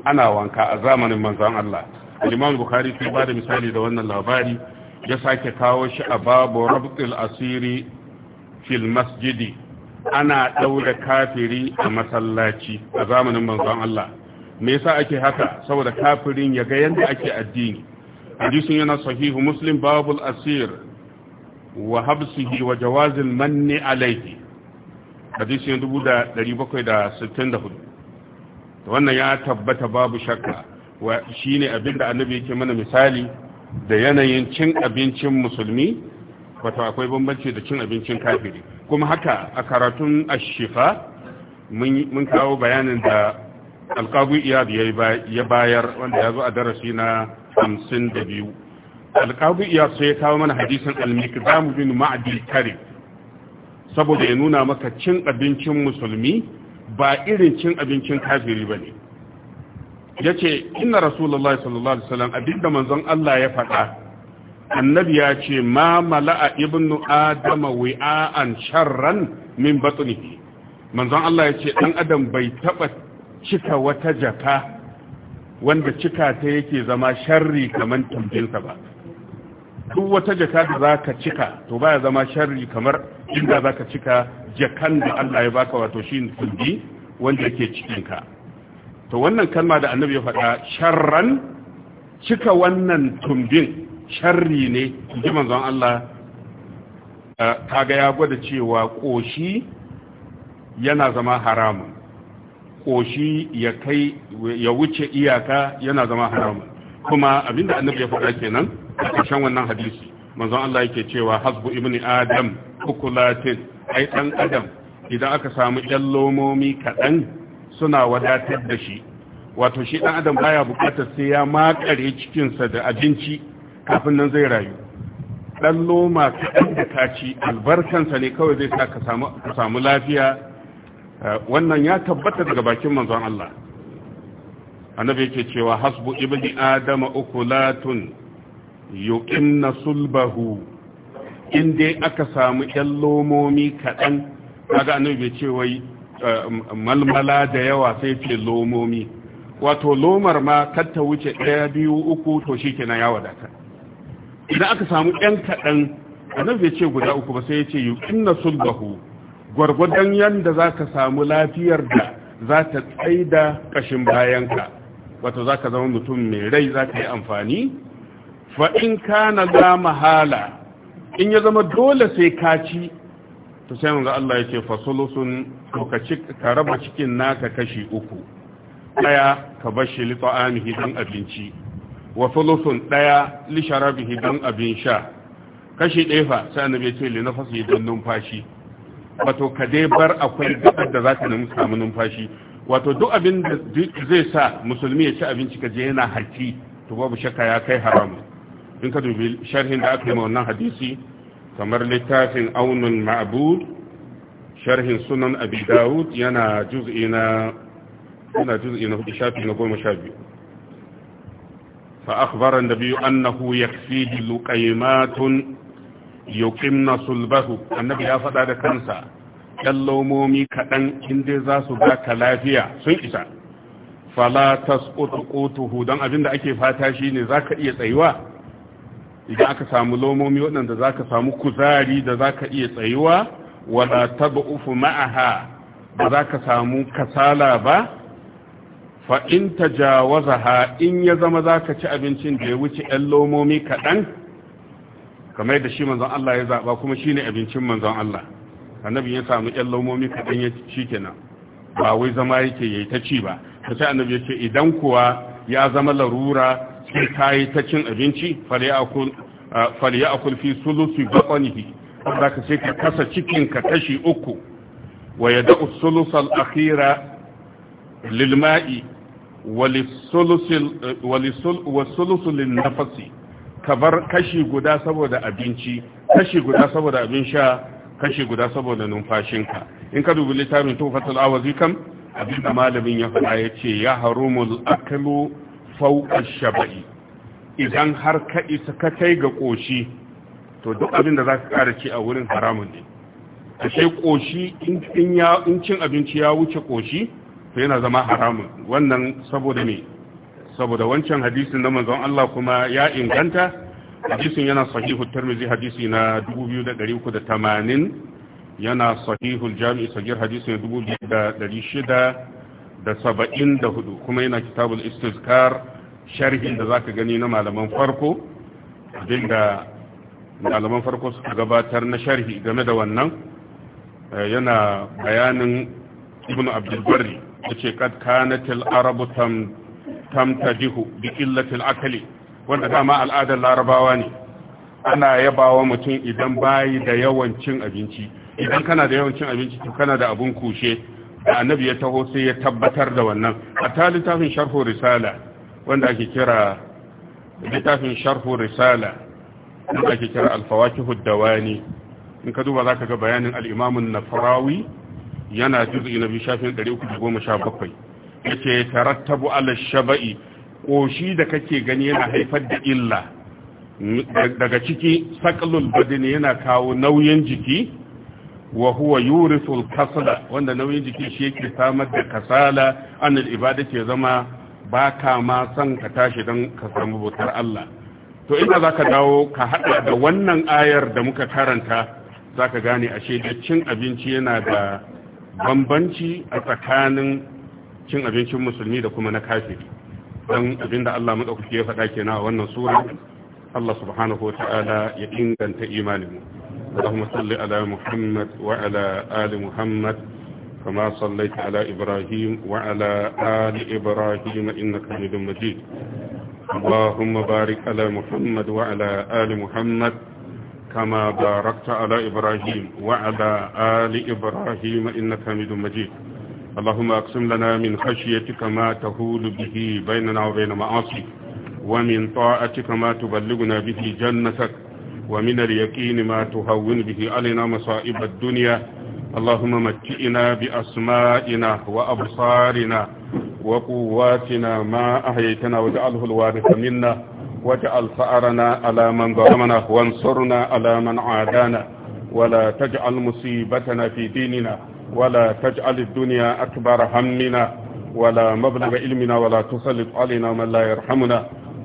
ana wanka a zamanin manzon Allah al-imam bukhari sai ba da misali da wannan labari ya sake kawo shi a babu rabtul asiri fil masjidi ana ɗaure kafiri a masallaci a zamanin manzon Allah me yasa ake haka saboda kafirin ya ga yadda ake addini hadisin yana sahihu muslim babul asir wa habsihi wa jawazil manni alayhi hadisin to wannan ya tabbata babu shakka wa shine abinda annabi yake mana misali da yanayin cin abincin musulmi wato akwai bambanci da cin abincin kafiri kuma haka a karatun ashifa mun kawo bayanin da alkabu iyad ya bayar wanda ya zo a darasi na 52 biyu. iyad sai ya kawo mana hadisin mu bin ma'adil kare saboda ya nuna maka cin abincin musulmi ba irin cin abincin kafiri ba ne yace inna rasulullahi sallallahu alaihi wasallam abinda manzon Allah ya faɗa annabi ya ce ma mala'a ibnu adama wi'an sharran min batnihi manzon Allah ya ce dan adam bai taba cika wata jaka wanda cika ta yake zama sharri kamar tambinsa ba duk wata jaka da zaka cika to baya zama sharri kamar inda zaka cika jakan da Allah ya baka wato shine tumbi wanda yake cikin ka to wannan kalma da annabi ya faɗa sharran cika wannan tumbin sharri ne ji manzon Allah eh, kaga ya gwada cewa koshi yana zama haramun koshi ya kai ya wuce iyaka yana zama haramun kuma abinda annabi ya faɗa kenan a ƙarshen wannan hadisi manzon Allah yake cewa hasbu ibni adam ukulatin ai dan adam idan aka samu yan lomomi kaɗan suna wadatar da shi wato shi ɗan adam baya bukatar sai ya makare cikinsa da abinci kafin nan zai rayu ɗan loma kaɗan da ci albarkansa ne kawai zai sa ka samu lafiya eh, wannan ya tabbata daga bakin manzon Allah annabi yake cewa hasbu ibni adama ukulatun yuqinna sulbahu in dai aka samu ƴan lomomi kaɗan kaga annabi bai ce wai Eh, malmala da yawa sai ce lomomi wato lomar ma katta wuce ɗaya biyu uku to shi kenan ya wadata idan aka samu ɗan kaɗan annabi bai ce guda uku ba sai ya ce yi inna sulbahu gwargwadon yadda za ka samu lafiyar da za ta da ƙashin ka wato za ka zama mutum mai rai za ka yi amfani fa'in ka na za mahala in ya zama dole sai ka ci to sai mun ga Allah ya ce fasulusun ka raba cikin naka kashi uku daya ka bashi li ta'amihi don abinci wa sulusun daya li sharabihi don abin sha kashi ɗaya fa sai annabi ya ce li nafasi don numfashi wato ka dai bar akwai gabar da zaka nemi samu numfashi wato duk abin da zai sa musulmi ya ci abinci ka je yana haƙi to babu shakka ya kai haramu in ka dubi sharhin da aka yi ma wannan hadisi kamar littafin aunin ma'bud sharhin sunan abi dawud yana juz'i na yana juz'i na shafi na goma sha biyu fa akhbara an annahu yakfihi luqaymatun yuqimna sulbahu annabi ya faɗa da kansa ɗan lomomi kaɗan inda za su ga ka lafiya sun isa fala tasqutu qutuhu don abinda ake fata shine zaka iya tsayuwa idan aka samu lomomi waɗanda za ka samu kuzari da za ka iya tsayuwa wala ba ufu ma'aha ba za ka samu kasala ba fa'in ta jawaza ha in ya zama za ka ci abincin da ya wuce ‘yan lomomi kaɗan kamar da shi manzon Allah ya zaɓa kuma shi ne abincin manzon Allah annabi ya samu ‘yan lomomi kaɗan ya ci kenan ba wai zama yake ya yi ta ci ba ta ce annabi ya ce idan kuwa ya zama larura sai yi ta cin abinci faliya akul fi sulusi bakwanihi za ka sai ka kasa cikinka kashi uku wa ya da usulusal akhira lilma'i walisulusuli nafasi ka bar kashi guda saboda abinci kashi guda saboda abin sha kashi guda saboda numfashinka in ka dubi littafin tufatul awazi kam abinda malamin ya faɗa ya ce ya harumul akalu fauƙar shaba'i idan har ka isa ka kai ga ƙoshi to duk abin da za ka ƙara ci a wurin haramun ne a sai ƙoshi in cin abinci ya wuce ƙoshi to yana zama haramun wannan saboda me saboda wancan hadisin na manzon Allah kuma ya inganta hadisin yana sahihu tarmizi hadisi na 2380 yana sahihul jami'i sagir hadisi na 2600 da saba'in da hudu kuma yana kitabul istizkar sharhin da zaka gani na malaman farko abinda malaman farko suka gabatar na sharhi game da wannan eh, yana bayanin ibnu abdulbari Ya ce kad kanatil arabu tam tamtajihu bi illatil akali wanda dama al'adar larabawa ne ana yabawa mutum idan bayi da yawan cin abinci idan kana da yawan cin abinci to kana da abun kushe da annabi ya taho sai ya tabbatar da wannan a ta sharhu risala wanda ake kira littafin sharhu risala wanda ake kira alfawakihud dawani in ka duba zaka ga bayanin al-imam an-nafrawi yana juz'i na shafin 317 yake tarattabu ala shabai koshi da kake gani yana haifar da illa daga ciki saqlul badani yana kawo nauyin jiki wa huwa yurisul kasala wanda nauyin jiki shi yake samar da kasala annal ibada ke zama baka ma san ka tashi dan ka samu bautar Allah to inda zaka dawo ka hada da wannan ayar da muka karanta zaka gane ashe da cin abinci yana da bambanci a tsakanin cin abincin musulmi da kuma na kafiri dan abinda Allah madaukake ya faɗa kenan a wannan sura Allah subhanahu wa ta'ala ya inganta imaninmu اللهم صل على محمد وعلى آل محمد كما صليت على إبراهيم وعلى آل إبراهيم إنك حميد مجيد اللهم بارك على محمد وعلى آل محمد كما باركت على إبراهيم وعلى آل إبراهيم إنك حميد مجيد اللهم أقسم لنا من خشيتك ما تهول به بيننا وبين معاصيك ومن طاعتك ما تبلغنا به جنتك ومن اليقين ما تهون به علينا مصائب الدنيا اللهم متئنا بأسمائنا وأبصارنا وقواتنا ما أحييتنا واجعله الوارث منا واجعل ثأرنا على من ظلمنا وانصرنا على من عادانا ولا تجعل مصيبتنا في ديننا ولا تجعل الدنيا أكبر همنا ولا مبلغ علمنا ولا تسلط علينا من لا يرحمنا